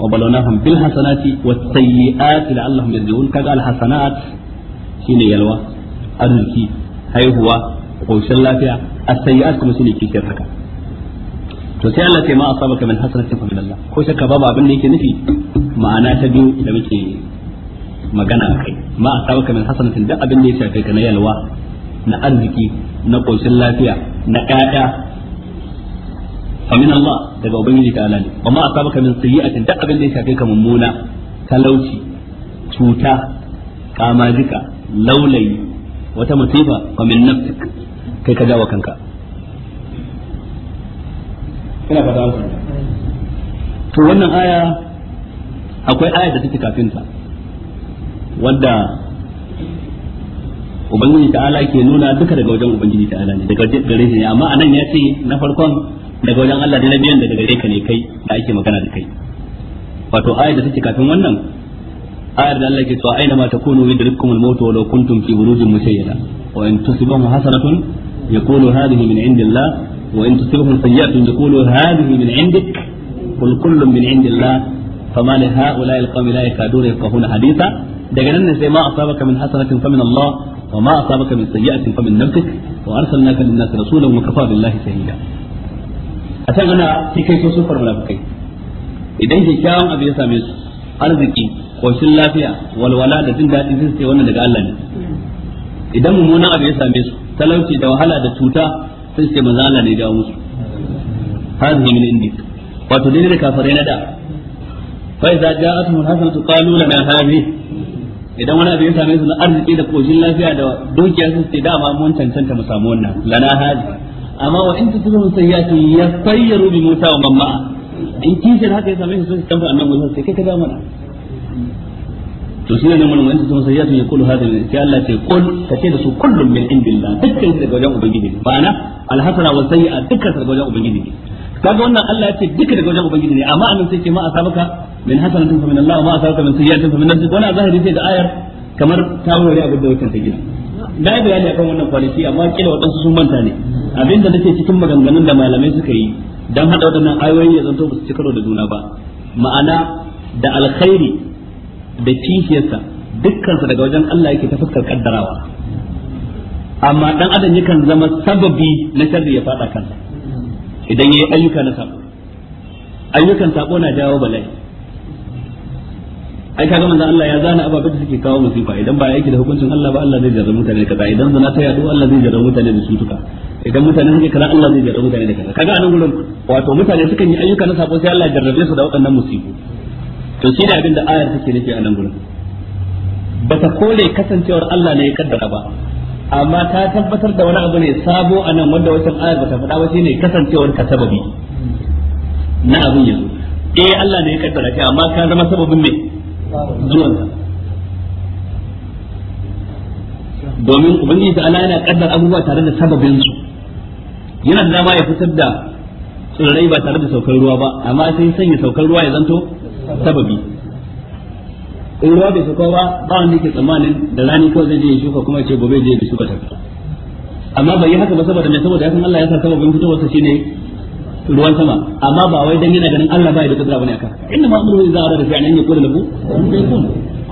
wa balawnahum bil hasanati was sayyi'ati la'allahum yarji'un kaga al hasanat shine yalwa arziki haihuwa koshin lafiya as sayyi'at kuma shine kishiyar haka to sai Allah ce ma asabaka min hasanatin fa min Allah ko shakka babu abin da yake nufi ma'ana ta biyu da muke magana kai ma asabaka min hasanatin duk abin da ya shafe ka na yalwa na arziki na koshin lafiya na ƙaƙa فمن الله Allah daga تعالى وما Allah من amma asabaka da ya shafe ka mummuna talauci cuta فمن نفسك wata musiba كنكا min nafsik kai ka kanka wannan aya akwai aya da take kafin ta wanda ubangiji ta'ala ke nuna duka daga wajen ubangiji ta'ala ne daga gare shi amma anan ya ce na farkon daga wajen Allah da na biyan daga gare ka ne kai da ake magana da kai wato ayar da take kafin wannan ayar da Allah ke cewa aina ma takunu yudrikumul maut walau kuntum fi burujin mushayyada wa in tusibhum hasanatun yaqulu hadhihi min indillah wa in tusibhum sayyi'atun yaqulu hadhihi min indik qul kullun min indillah fama li ha'ula'i alqawmi la yakaduna yafqahuna haditha daga nan ne sai ma asabaka min hasanatin fa min Allah a can ana kai so sufar munafikai idan kyakkyawan abu ya same su arziki koshin lafiya walwala da jin daɗi sun ce wannan daga Allah ne idan mummunan abu ya same su talauci da wahala da cuta sun ce manzo Allah ne ya dawo musu hadhihi min indik wato dai da kafare na da fa idza ja'atuhum hasanatu qalu lana hadhihi idan wani abu ya same su na arziki da koshin lafiya da dukiya sun ce dama mun cancanta mu samu wannan lana hadhihi amma wa in tusibhum sayyi'atun yasayyaru bi Musa wa man ma'a in kishin haka ya same shi sun tamfa annabi Musa sai kai ka ga mana to shine nan mun wanda sun sayyatu ya kullu hadin sai Allah ce kul ka ce da su kullum min indillah dukkan su daga wajen ubangiji ne ma'ana alhasana wa sayyi'a dukkan su daga wajen ubangiji ne kaga wannan Allah ya ce duka daga wajen ubangiji ne amma annan sai ce ma a sabaka min hasanatin fa min Allah ma asabaka min sayyi'atin fa min nafsik wannan zahiri sai da ayar kamar ta wuri a da wucin ta gina na yi bayani akan wannan kwanaki amma kila waɗansu sun manta ne abinda nake cikin maganganun da malamai suka yi dan hada waɗannan ayoyi ya zanto ba su ci karo da juna ba ma'ana da alkhairi da kishiyarsa dukkansa daga wajen Allah yake ta fuskar kaddarawa amma dan adam yakan zama sababi na sharri ya fada kansa idan yayi ayyuka na sabo ayyukan sabo na jawo bala'i ai kaga manzon Allah ya zana ababen da suke kawo musifa idan ba yake da hukuncin Allah ba Allah zai jarra mutane da kaza idan zina ta yadu Allah zai jarra mutane da cutuka idan mutane suke kaza Allah zai jarra mutane da kaza kaga anan gurin wato mutane sukan yi ayyuka na sako sai Allah jarrabe su da waɗannan musibu to shi da abin da ayar take nufi a gurin ba ta kole kasancewar Allah ne ya kaddara ba amma ta tabbatar da wani abu ne sabo a nan wanda wacce ayar ba ta faɗa ba shine kasancewar ka sababi na abin yanzu eh Allah ne ya kaddara ke amma ka zama sababin me zuwanta domin ubangiji da ala yana kaddar abubuwa tare da sababin su yana da dama ya fitar da tsirrai ba tare da saukar ruwa ba amma sai sanya saukar ruwa ya zanto sababi in ruwa bai sauka ba ba wanda yake tsammanin da rani kawai zai je ya shuka kuma ce gobe je ya shuka ta amma bai yi haka ba saboda mai saboda yakan Allah ya sa sababin sa shine ruwan sama amma ba wai dan yana ganin Allah bai da kudura bane aka inna ma amruhu idza arada fi'lan an yaqulu lahu kun fayakun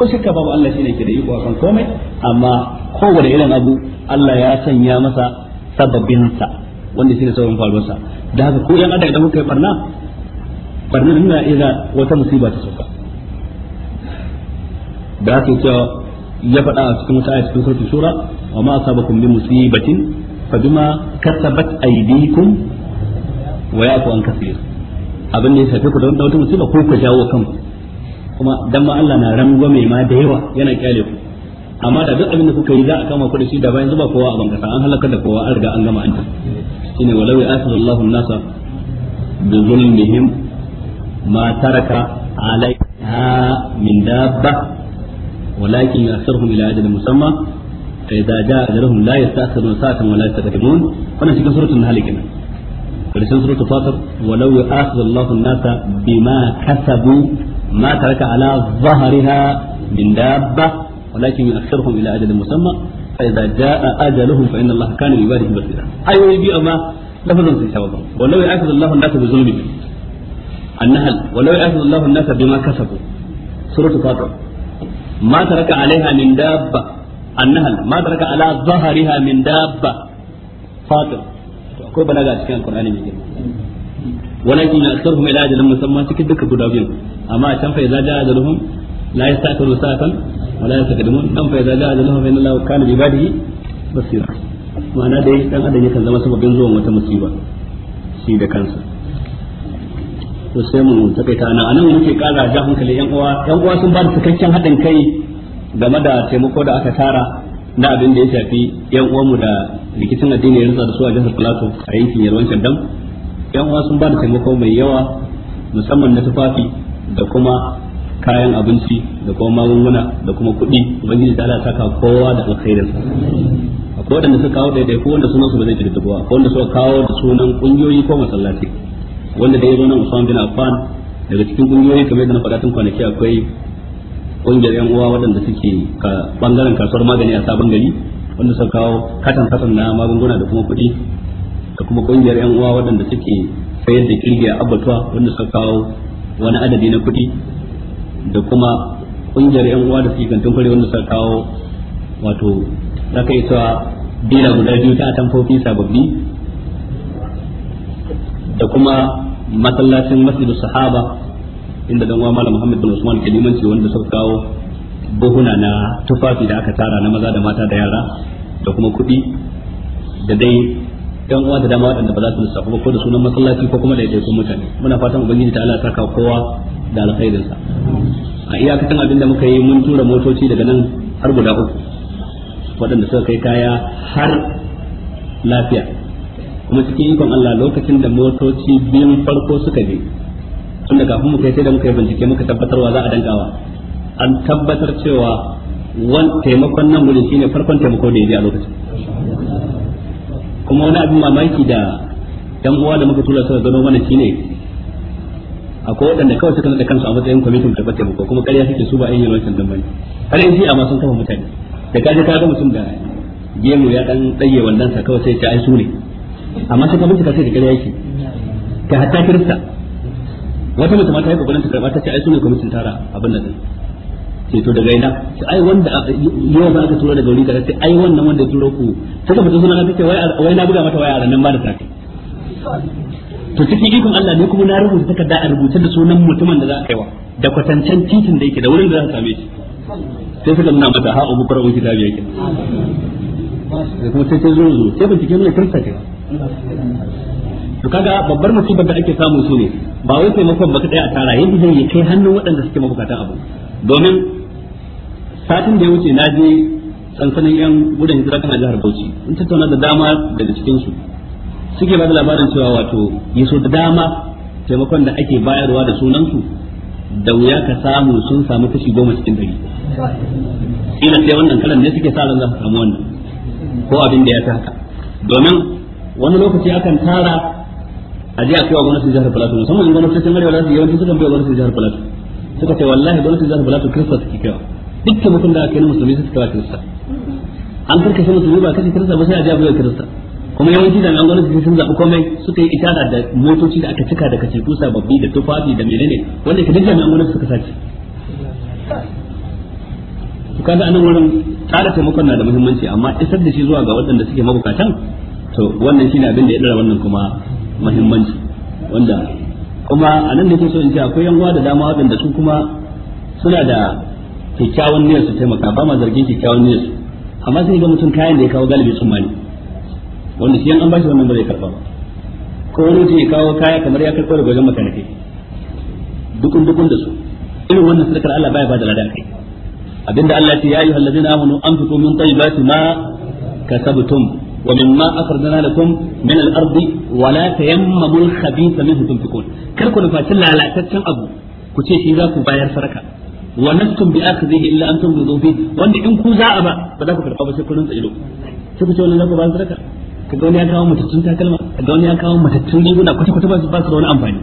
ko shakka babu Allah shine ke da iko akan komai amma kowane irin abu Allah ya sanya masa sababin sa wanda shine sabon faruwar sa da haka ko yan adam idan kuka yi barna barna din na wata musiba ta sauka da haka cewa ya faɗa a cikin sa'a cikin sura shura wa ma asabakum bi musibatin fa bima kasabat aydikum wa ya'fu an kaseer abin da ya shafi ku da wata musiba ko ku jawo kanku kuma dan ma Allah na rangwame ma da yawa yana kyale ku amma da duk abin da kuka yi za a kama ku da shi da bayan zuba kowa a bankasa an halakar da kowa an riga an gama an ta shine walau ya asalu Allahu nasa bi zulmihim ma taraka alaiha min dabba ولكن يأثرهم إلى أجل مسمى فإذا جاء أجلهم لا يستأخرون ساعة ولا يستقدمون wannan cikin suratul nahl kenan karshen سورة fatir ولو yu'akhidhu الله الناس بما كسبوا ما ترك على ظهرها من دابة ولكن يؤخرهم الى اجل مسمى فاذا جاء اجلهم فان الله كان بعباده بصيرا ايوه يبيع ما لفظ في شبابه ولو يؤاخذ الله الناس بظلمهم النهل ولو يؤاخذ الله الناس بما كسبوا سورة فاطر ما ترك عليها من دابة النهل ما ترك على ظهرها من دابة فاطر akwai balaga cikin alqur'ani mai girma walakin ya asarhum ila ajalin musamman cikin duka guda biyu amma a can fa idza jaa ajaluhum la yastaqiru sa'atan wa la yastaqdimun dan fa idza jaa ajaluhum inna allaha kana bi ibadihi basira ma'ana dai dan adam yakan zama sababin zuwan wata musiba shi da kansa to sai mu takaita nan anan muke kara ja hankali yan uwa yan uwa sun ba da cikakken haɗin kai game da taimako da aka tara na abin da ya shafi yan uwanmu da rikicin addini ya rutsa da su a jihar Plateau a yankin Yarwan dam yan uwa sun ba da taimako mai yawa musamman na tufafi da kuma kayan abinci da kuma magunguna da kuma kuɗi ubangiji ta Allah saka kowa da alkhairin akwai wanda suka kawo daidai ko wanda sunan su ba zai kirduwa akwai wanda suka kawo da sunan kungiyoyi ko masallaci wanda da ya zo nan Usman bin Affan daga cikin kungiyoyi kamar da na faɗa tun kwanaki akwai ƙungiyar yan uwa waɗanda suke bangaren kasuwar magani a sabon gari wanda suka kawo katan kasan na magunguna da kuma kuɗi da kuma ƙungiyar yan uwa waɗanda suke sayar da kirgi a abatuwa wanda suka kawo wani adadi na kuɗi da kuma ƙungiyar yan uwa da suke gantun fari wanda suka kawo wato za ka yi cewa dila guda biyu ta tamfofi sababbi da kuma masallacin masjidu sahaba inda dan Malam Muhammad bin Usman kalimanci wanda suka kawo buhuna na tufafi da aka tara na maza da mata da yara da kuma kuɗi da dai Dan uwa da dama waɗanda ba za su lissafa ba ko da sunan masallaci ko kuma da kuma mutane muna fatan ubangiji ta Allah saka kowa da sa a iyakacin abin da muka yi mun tura motoci daga nan har guda uku waɗanda suka kai kaya har lafiya kuma cikin ikon Allah lokacin da motoci biyun farko suka je tunda kafin mu kai sai da muka yi bincike muka tabbatarwa za a dangawa an tabbatar cewa wan taimakon nan gudun shine farkon taimako da ya je a lokacin kuma wani abin mamaki da dan uwa da muka tura suka gano mana shine akwai waɗanda kawai suka da kansu a matsayin kwamitin da tabbatar taimako kuma ƙarya suke su ba a yin yalwacin dan bane har yanzu a ma sun kafa mutane da kaje ka ga mutum da gemu ya dan tsaye wannan sa kawai sai ya ce ai su ne amma sai ka bincika sai da ƙarya yake ka hatta kirista wata mace ta yi kokarin ta karba ta ce ai sune kwamitin tara abin nan sai ce to daga ina ce ai wanda yau za ka tura daga wuri ka ce ai wannan wanda ya tura ku ta ka fita suna na ce wai na buga mata waya a ranar ba da sake to cikin ikon Allah ne kuma na rubuta takarda a rubuce da sunan mutumin da za a kaiwa da kwatancan titin da yake da wurin da za a same shi sai suka nuna mata ha ubu qara'u kitabi yake da kuma sai ce zo zo sai bincike mun kirsa ce to kaga babbar musibar da ake samu su ne ba wai taimakon ba kadai a tara yadda zai ya kai hannun waɗanda suke mabukatan abu domin satin da ya wuce na je sansanin yan gudun hijira kan jihar Bauchi mun tattauna da dama daga cikin su suke ba da labarin cewa wato yaso da dama taimakon da ake bayarwa da sunan su da wuya ka samu sun samu kashi goma cikin dari ina sai wannan kalan ne suke sa ran za su samu wannan ko abin da ya ta haka domin wani lokaci akan tara a je a kai wa jihar Plateau musamman in gwamnatin Arewa za su yawanci sukan bai gwamnati jihar Plateau suka ce wallahi gwamnati jihar Plateau kirista suke kaiwa dukkan mutum da aka yi musulmi suka kaiwa kirista an karkashe musulmi ba kashe kirista ba sai a je a bai kirista kuma yawanci da an gwamnati sun zaɓi komai suka yi itada da motoci da aka cika da kace kusa babbi da tufafi da menene wanda ke dukkan an gwamnati suka sace to kaga anan wurin tsara taimakon na da muhimmanci amma isar da shi zuwa ga waɗanda suke mabukatan to wannan shine abin da ya dara wannan kuma muhimmanci wanda kuma a nan ne so in ce akwai yan da dama waɗanda su kuma suna da kyakkyawan niyyar su taimaka ba ma zargin kyakkyawan niyyar su amma sai ga mutum kayan da ya kawo galibi sun mani wanda shi an bashi wannan ba zai karɓa ba ko wani mutum ya kawo kaya kamar ya karɓo daga wajen makanike dukun dukun da su irin wannan sadakar Allah baya ba da ladan kai abinda Allah ya ce ya ayyuhallazina amanu anfiqu min tayyibati ma kasabtum ومما أخرجنا لكم من الأرض ولا تيمموا الخبيث منه تنفقون كركو نفاتل على تتشن أبو كتشي شيزاكو باير سركا ونستم بآخذه إلا أن تمضوا فيه وأن إن زاء با فذاكو كرقا بس يكون انتجلو شكو تولي لكو باير سركا kaga wani ya kawo matattun takalma kaga wani ya kawo matattun riguna kwata kwata ba su ba su da wani amfani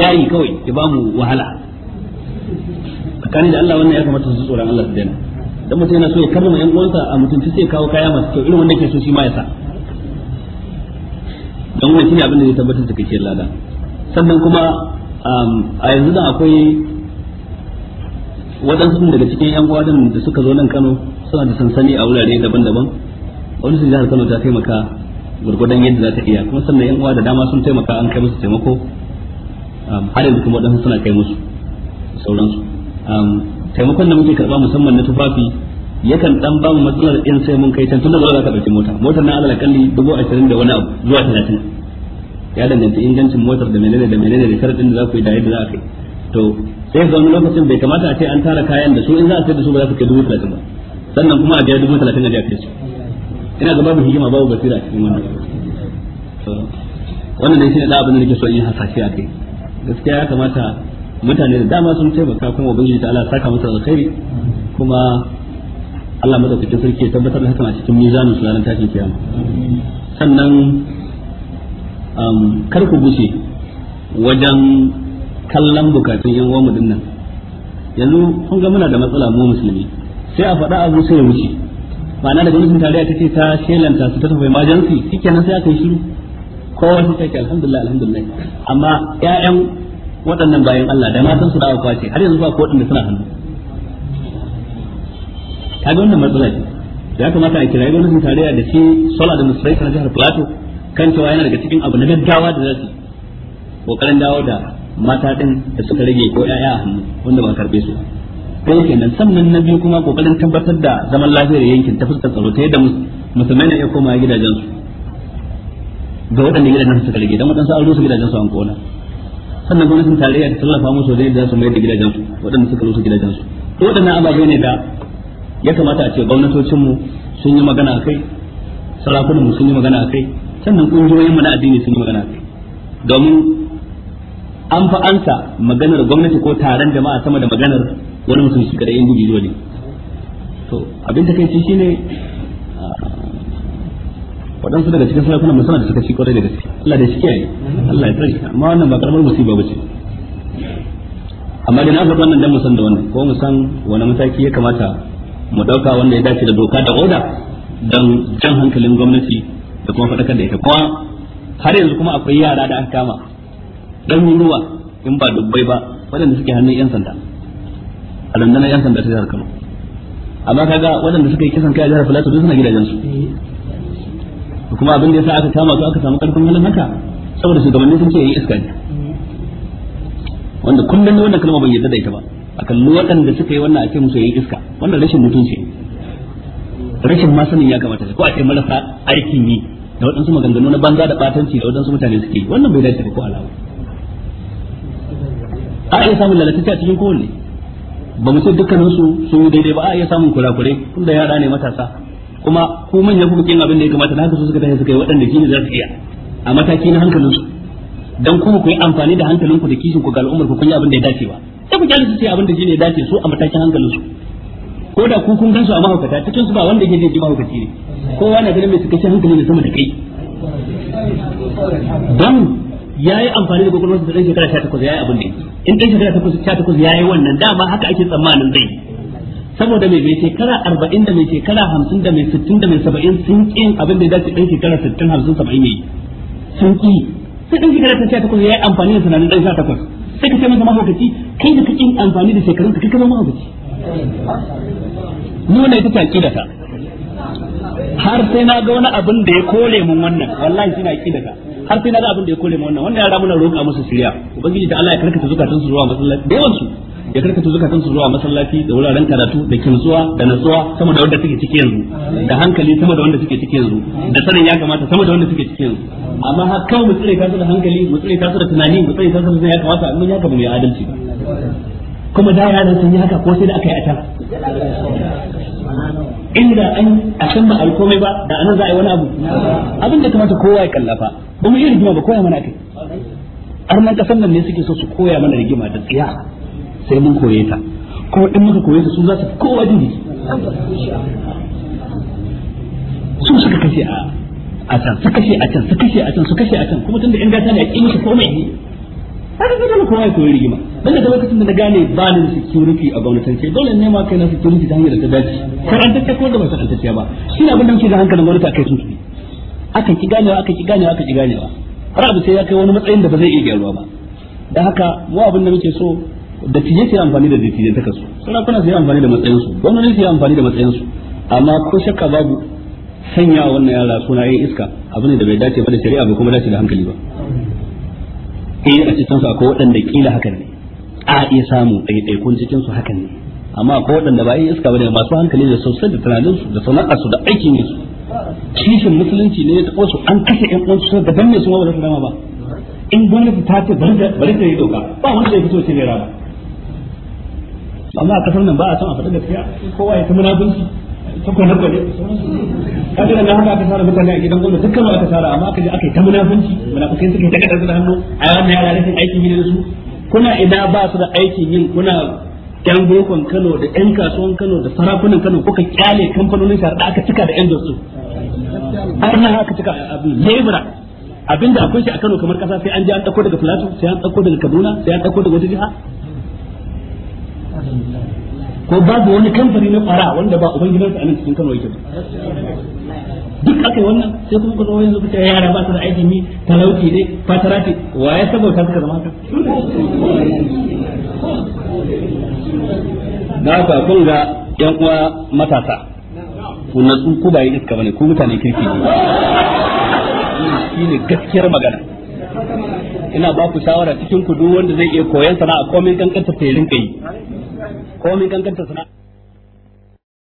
yayi kawai ya ba mu wahala tsakanin da Allah wannan ya dan mutum yana so ya karrama yan uwansa a mutunci sai kawo kaya masu kyau irin wanda ke so shi ma ya sa dan wannan shine abin da zai tabbatar da kake lada sannan kuma um, a yanzu da akwai waɗansu daga cikin yan uwa da suka zo nan Kano suna da sansani a wurare daban-daban wani sun jihar Kano ta taimaka gurgudan yadda za ta iya kuma sannan yan uwa da dama sun taimaka an kai musu taimako um, har yanzu kuma waɗansu suna kai musu sauransu um, taimakon da muke karba musamman na tufafi yakan dan ba mu matsalar in sai mun kai can tun ba za ka dauki mota motar na alal kalli dubu ashirin da wani abu zuwa talatin ya danganta ingancin motar da menene da menene da sharadin da za ku yi da yadda za ka yi to sai ga wani lokacin bai kamata a ce an tara kayan da su in za a sayar da su ba za su kai dubu talatin ba sannan kuma a biya dubu talatin a kai su ina ga babu hikima babu basira cikin wannan wannan ne shine da abin da nake so in hasashe a kai gaskiya ya kamata mutane da dama sun taimaka kuma ubangiji ta Allah saka masa alkhairi kuma Allah madaukakin sarki ya tabbatar da hakan a cikin mizanin sunan tashin kiyama sannan um, kar ku gushe wajen kallon bukatun yan uwan mudin nan yanzu kun ga muna da matsala mu musulmi sai a faɗa abu sai ya wuce ma'ana da gwamnatin tarayya ta ce ta shelanta su ta tafi shi kenan sai aka yi shiru kowa sai ta ke alhamdulillah alhamdulillah amma ƴaƴan waɗannan bayan Allah da matan su da aka kwace har yanzu ba ko waɗanda suna hannu ta ga wannan matsala ce ya kamata a kira gwamnatin tarayya da shi da musulai kan jihar plato kan cewa yana daga cikin abu na gaggawa da za su kokarin dawo da mata din da suka rage ko ƴaƴa a hannu wanda ba karbe su kai kenan sannan na biyu kuma kokarin tabbatar da zaman lafiyar yankin ta fuskar tsaro ta yadda musulmai na iya komawa gidajensu ga waɗanda gidajen suka rage don waɗansu an rusa gidajensu an kona sannan gwamnatin tarayya ta tallafa musu wajen za su mai da gidajen su waɗanda suka rusa gidajen su to waɗannan ababe ne da ya kamata a ce gwamnatocin mu sun yi magana a kai sarakunan mu sun yi magana a kai sannan ƙungiyoyin mu na addini sun yi magana a kai domin an fa ansa maganar gwamnati ko taron jama'a sama da maganar wani mutum shi kada yin gudu ne to abin da kai shine waɗansu daga cikin sarakunan mun suna da suka ci kwarai da gaske Allah da shi yayi. Allah ya tsare amma wannan ba karamar musiba bace amma da na faɗi wannan dan mu san da wannan ko mu san wani mataki ya kamata mu ɗauka wanda ya dace da doka da oda dan jan hankalin gwamnati da kuma faɗakar da ita kuma har yanzu kuma akwai yara da aka kama dan ruwa in ba dubbai ba waɗanda suke hannun yan sanda a rundunar yan sanda ta jihar Kano amma kaga waɗanda suka yi kisan kai a jihar Filato duk suna gidajensu kuma abin da yasa aka kama su aka samu karfin halin haka saboda shugabanni sun ce yayi iska ne wanda kullum wannan kalma ban yadda da ita ba a kalli waɗanda suka yi wannan a ce musu yayi iska wannan rashin mutunci rashin ma sanin ya kamata ko a ce marasa aikin yi da waɗansu maganganu na banza da batanci da waɗansu mutane suke yi wannan bai dace da ko alawa a iya samun lalatacce a cikin kowanne ba mu ce dukkaninsu sun yi daidai ba a iya samun kurakure tunda yara ne matasa kuma ku manyan kuma kin abin da ya kamata haka su suka tafi suka yi waɗanda kini za su iya a mataki na hankalin su dan kuma ku yi amfani da hankalin ku da kishin ku ga al'ummar ku kun yi abin da ya dace ba sai ku kyale su abin da shine ya dace su a matakin hankalin su ko da ku kun gansu a mahaukata cikin su ba wanda ke ji mahaukaci ne kowa na ganin mai cikakken hankali ne sama da kai dan ya yi amfani da gwagwarmar da ɗan shekara sha takwas ya yi abin da in ɗan shekara sha takwas ya yi wannan dama haka ake tsammanin zai yi saboda mai mai shekara arba'in da mai shekara hamsin da mai sittin da mai saba'in sun ƙin abin da ya dace ɗan shekara sittin hamsin saba'in ne sun ƙi sai ɗan shekara sittin takwas ya yi amfani da tunanin ɗan sha takwas sai ka ce masa mahaukaci kai da kakin amfani da shekarun ka kai zama mahaukaci nuna ita ta har sai na ga wani abin da ya kole mun wannan wallahi shi na ta har sai na ga abin da ya kole mun wannan wannan ya ramuna roƙa musu siriya ubangiji da Allah ya karkata zukatan su zuwa masallaci da yawan su ya karkata zukatan su zuwa masallaci da wuraren karatu da kimtsuwa da natsuwa sama da wanda suke ciki yanzu da hankali sama da wanda suke ciki yanzu da sanin ya kamata sama da wanda suke ciki yanzu amma har kawai mu tsire tasu da hankali mu tsire tasu da tunani mu tsire tasu da ya kamata amma ya kamata mu yi adalci ba kuma da ya san yi haka ko sai da aka yi a can inda an a san ba a yi komai ba da anan za a yi wani abu abin da kamata kowa ya kallafa ba mu yi rigima ba koya mana kai har nan kasan nan ne suke so su koya mana rigima da tsiya sai mun koye ta kuma in muka koye ta su za su kowa ne su suka kashe a a can su kashe a can su kashe a can su kashe a can kuma tunda in gata ne a kimashi komai ne har ga dole kowa ya koyi rigima dan da lokacin da na gane ba ni security a gwamnatance dole ne ma kai na security ta hanyar da dace karantacce ko da ba karantacce ba shi ne abin da muke da hankalin gwamnati akai sun tuki aka ki ganewa aka ki ganewa aka ki ganewa har abu sai ya kai wani matsayin da ba zai iya gyaruwa ba da haka mu abin da muke so da tije su amfani da dattijai ta kasu sarakuna su yi amfani da matsayinsu gwamnati su yi amfani da matsayinsu amma ko shakka babu sanya wannan yara suna yin iska abu ne da bai dace ba da shari'a bai kuma dace da hankali ba eh a cikin su akwai waɗanda kila hakan ne a iya samu yi cikin su hakan ne amma akwai waɗanda ba yin iska ba ne masu hankali da sosai da tunanin su da sana'a su da aikin su kishin musulunci ne ya taɓa su an kashe ƴan uwan su da ban ne su ma ba za su dama ba in gwamnati ta ce bari ta yi doka ba wanda ya fito ce ne raba amma a kasar nan ba a san a faɗi gaskiya kowa ya ta munafunci ta kwanar kwane kaga nan haka aka tsara mutane a gidan gwamnati dukkan aka tsara amma aka je aka yi ta munafunci munafukai suka yi ta kadar da hannu a yawan yara rashin aikin yi da su kuna ina ba su da aikin yin kuna yan Kano da yan kasuwan Kano da sarakunan Kano kuka kyale kamfanonin shahar da aka cika da yan dosu har na haka cika abu lebura abinda akwai shi a Kano kamar kasa sai an je an dauko daga Plateau sai an dauko daga Kaduna sai an dauko daga wata jiha ko babu wani kamfani na kwara wanda ba ubangidansa a nan cikin Kano yake ba duk aka yi wannan sai kuma ka zo yanzu ya yara ba su da aiki ni talauci dai fatarafi ce waye saboda suka zama ka da ka kun ga yan uwa matasa ku natsu ku ba yi iska bane ku mutane kirki ne ne gaskiyar magana ina ba ku shawara cikin ku duk wanda zai iya koyon sana'a komai kankan sai rinka kai. komai kankanta sana'a